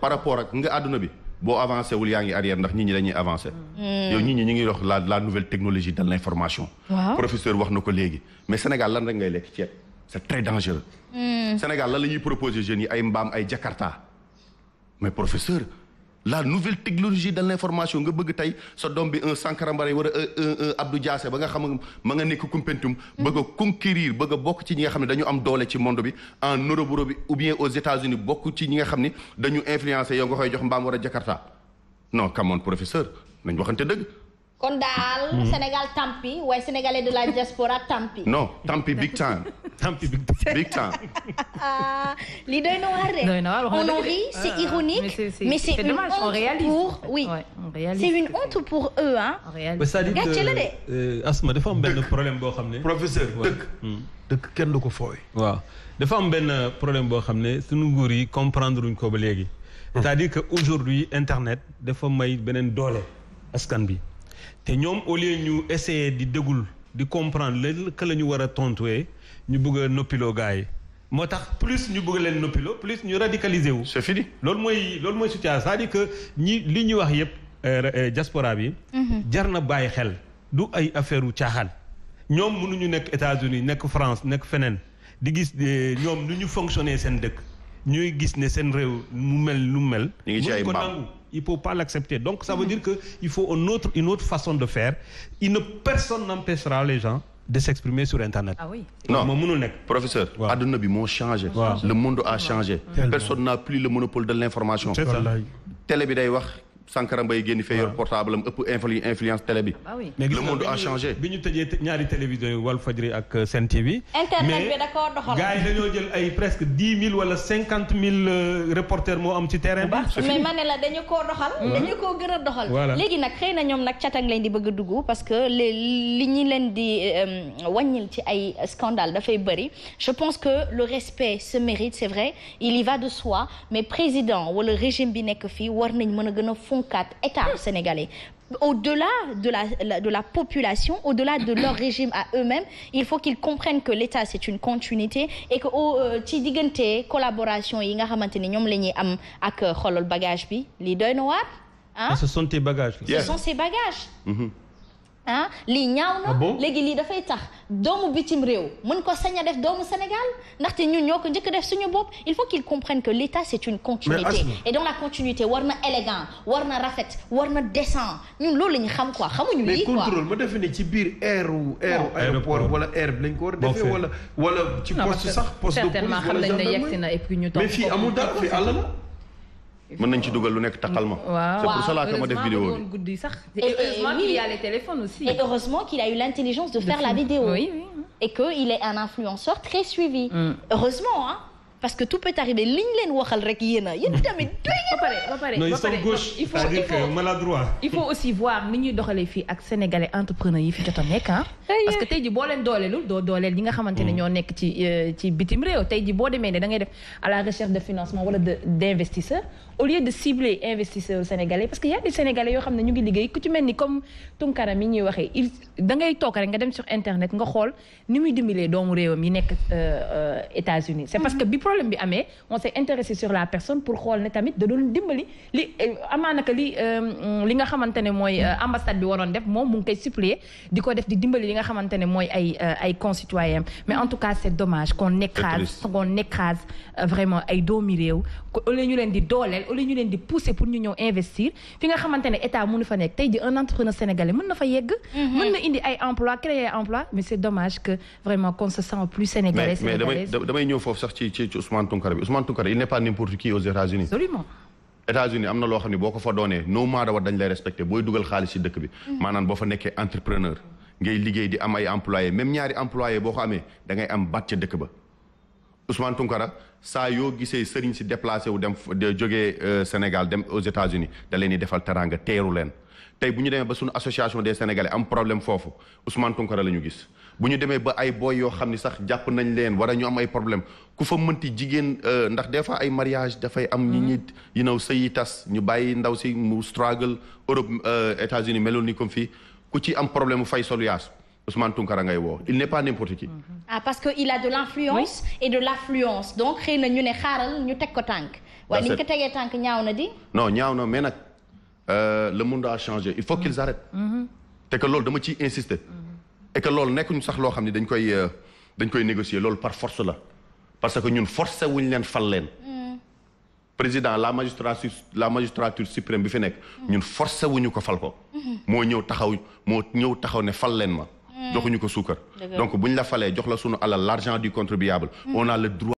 par rapport ak nga àdduna bi. boo avancé wul yaa ngi arrière ndax nit ñi dañuy avancé. Hmm. yow nit ñi ñu ngi wax la la nouvelle technologie de l' professeur wax na ko léegi mais Sénégal lan rek ngay lekk ceeb c' très dangereux. Hmm. Sénégal lan la ñuy proposé jeunes yi ay mbaam ay Jakarta mais professeur. la nouvelle technologie de l'information nga bëgg tey sa doom bi un Sankara a un Abdou Diassé ba nga xam ma nga nekk Koumpentoum mm-hmm. bëgg a conquérir bëgg a bokk ci ñi nga xam ne dañu am doole ci monde bi en Europe bi ou bien aux États-Unis bokk ci ñi nga xam ne dañu influencé yow nga koy jox mbaam war a Jakarta non come on professeur nañ waxante dëgg kon daal mm-hmm. Sénégal tampi waaye sénégalais de la diaspora tampi non tampi big time Tampi big time. big li doy na waar rek. c'est ah, ironique. mais c'est une honte pour eux ah. la de. Euh, euh, Asma dafa am benn problème boo xam ne. professeur dëkk. Hmm. dëkk kenn du ko fooy. waaw dafa am benn problème boo xam ne sunu nguur yi comprendre luñ ko ba léegi. c'est-à-dire que aujourd'hui internet dafa may beneen doole askan bi te ñoom au lieu ñu essayer di déglu di comprendre lan la ñu war a tontuwee ñu bëgg a noppiloo gars yi moo tax plus ñu bëgg leen noppiloo plus ñu radicaliser wu. c'est fini loolu mooy loolu mooy situation c'est-à-dire que ñi li ñuy wax yëpp euh, euh, diaspora bi. Mhm. jar na bàyyi xel du ay affaire wu caaxaan. ñoom mënuñu nekk États-Unis nekk France nekk feneen di gis euh, ñoom nu ñu fonctionner seen dëkk ñuy gis ne seen réew mu mel nu mel. ñu ngi ko nangu il faut pas l'accepter donc ça veut mhm. dire que il faut une autre une façon de faire une personne n'empêchera les gens. de s'exprimer sur internet. ah oui non moom mënul nekk. professeur adduna bi moo changé. le monde a changé. personne n'a plus le monopole de l'information. télé bi day wax. Sankara Mbaye génn fee yor portable am ëpp influence télé bi. le monde a changé. bi ñu tëjee ñaari télévision yi Walfadjri ak euh, Sen TV. internet bi da doxal mais gars jël ay presque dix euh, reporters moo am ci terrain bi. mais dañu koo doxal. dañu koo gën a doxal. léegi nag xëy ñoom nag catang lañ di bëgg a dugg parce que li euh, le respect se mérite c'est vrai il y va de soi mais président wala régime bi nekk fii war nañ mën a gën a font quatre États ah. sénégalais au-delà de la de la population au-delà de leur régime à eux-mêmes il faut qu'ils comprennent que l'État c'est une continuité et que oh, euh, ci diggante collaboration yi nga xamante ni ñoom la ñuy am ak euh, xoolal bagage bi li doy na waar ah, ah ce sont ce sont ah lii ñaaw na ah léegi lii dafay tax doomu bitim réew mën ko sañ a def doomu Sénégal ndaxte ñun ñoo ko njëkk def suñu bopp il faut qu'ils comprennent que l'État c'est une continuité et donc la continuité war na élégant war na rafet war na décent ñun loolu la ñu xam quoi xamuñu lii quoi mais contrôle ma defe ne ci biir airu airu aéroport wala air bi lañ ko war a defee wala wala ci poste sax poste de police wala gendarmerie mais fii amul dara fii àll la mën nañ ci dugal lu nekk taxal ma. waaw c'est pour cela que ma def vidéo bi guddi sax. et heureusement qu'il y a les téléphones aussi. et heureusement qu'il a eu l'intelligence de faire la vidéo. oui oui. et que il est un influenceur très suivi. Mm. heureusement ah. parce que tout peut arriver liñ leen waxal rek yéen a yéen tamit. ba pare ba pare non ils sont gauche c'est-à-dire que maladroit. il faut aussi voir ni ñuy doxalee fii ak sénégalais entrepreneur yi fi jot a nekk ah. parce que tey jii boo leen dooleelul doo dooleel ñi nga xamante ne mm. ñoo nekk ci euh, ci bitim réew tey jii boo demee ne da ngay def à la recherche de financement wala de d'investisseurs au lieu de cibler investisseurs sénégalais parce que y a des sénégalais yoo xam ne ñu ngi liggéey ku ci mel ni ñuy waxee il da nga dem sur internet nga xool ni muy dimbalee doomu réewam yi nekk euh, euh, États-Unis c'est parce mm-hmm. que bi problème bi amee on s'est intéressé sur la personne pour xool ne tamit da doon dimbali li amaa li euh, li nga xamante ne mooy ambassade bi waroon def moom mu ngi koy supplier di ko def di dimbali li nga xamante ne mooy ay ay concitoyens mais en tout cas c'est dommage qu'on écrase qu'on écrase ay doomi réew au lieu ñu leen di dooleel leen au lieu ñu leen di pousser pour ñu ñëw investir fi nga xamante ne état mënu fa nekk tey ji un entrepreneur sénégalais mën na fa yegg mën na indi ay emploi créer ay emploi mais c'est dommage que vraiment qu'on se sent plus sénégalais mais damay damay ñëw foofu unis absolument unis am na loo xam ne boo ko fa doonee no matter what dañ lay respecté booy dugal xaalis ci dëkk bi mm-hmm. maanaam boo fa nekkee entrepreneur ngay liggéey di am ay employé même ñaari employé boo ko amee da ngay am baat ca dëkk ba Ousmane Tounkara saa yoo gisee sëriñ si déplacé wu dem jógee euh, Sénégal dem aux États-Unis da leen di defal teraanga teeru leen tey bu ñu demee ba suñu association des sénégalais am problème foofu Ousmane Tounkara la ñu gis bu ñu demee ay booy yoo xam ni sax jàpp nañ leen war a ñu am ay problème ku fa mënti jigéen euh, ndax des fois ay mariage dafay am ñi ñi yi naw sëyi tas ñu bàyyi ndaw si mu struggle Europe euh, États-Unis meloon ni comme fii ku ci am problème mu fay solu Ousmane Tounkara ngay woo il n'est pas n'importe qui. Mm-hmm. ah parce que il a de l'influence oui. et de l'affluence donc xëy na ñu ne xaaral ñu teg ko tànk. waaye ni ko tegee tànk ñaaw na di. non ñaaw na mais nag euh, le monde a changé il faut qu'ils mm-hmm. arrêtent. Mm-hmm. te que loolu dama ciy insister. et que loolu nekkuñu sax loo xam ne dañ koy euh, dañ koy négocier loolu par force la parce que ñun forcé wuñ leen fal leen. Mm. président la magistrature la magistrature suprême bi fi nekk. Mm. ñun forcé wuñu ko fal ko. moo ñëw taxaw moo ñëw taxaw ne fal leen ma. joxuñu ko suukar donc bu la falee jox la sunu alal l'argent du contribuable mm. on a le droit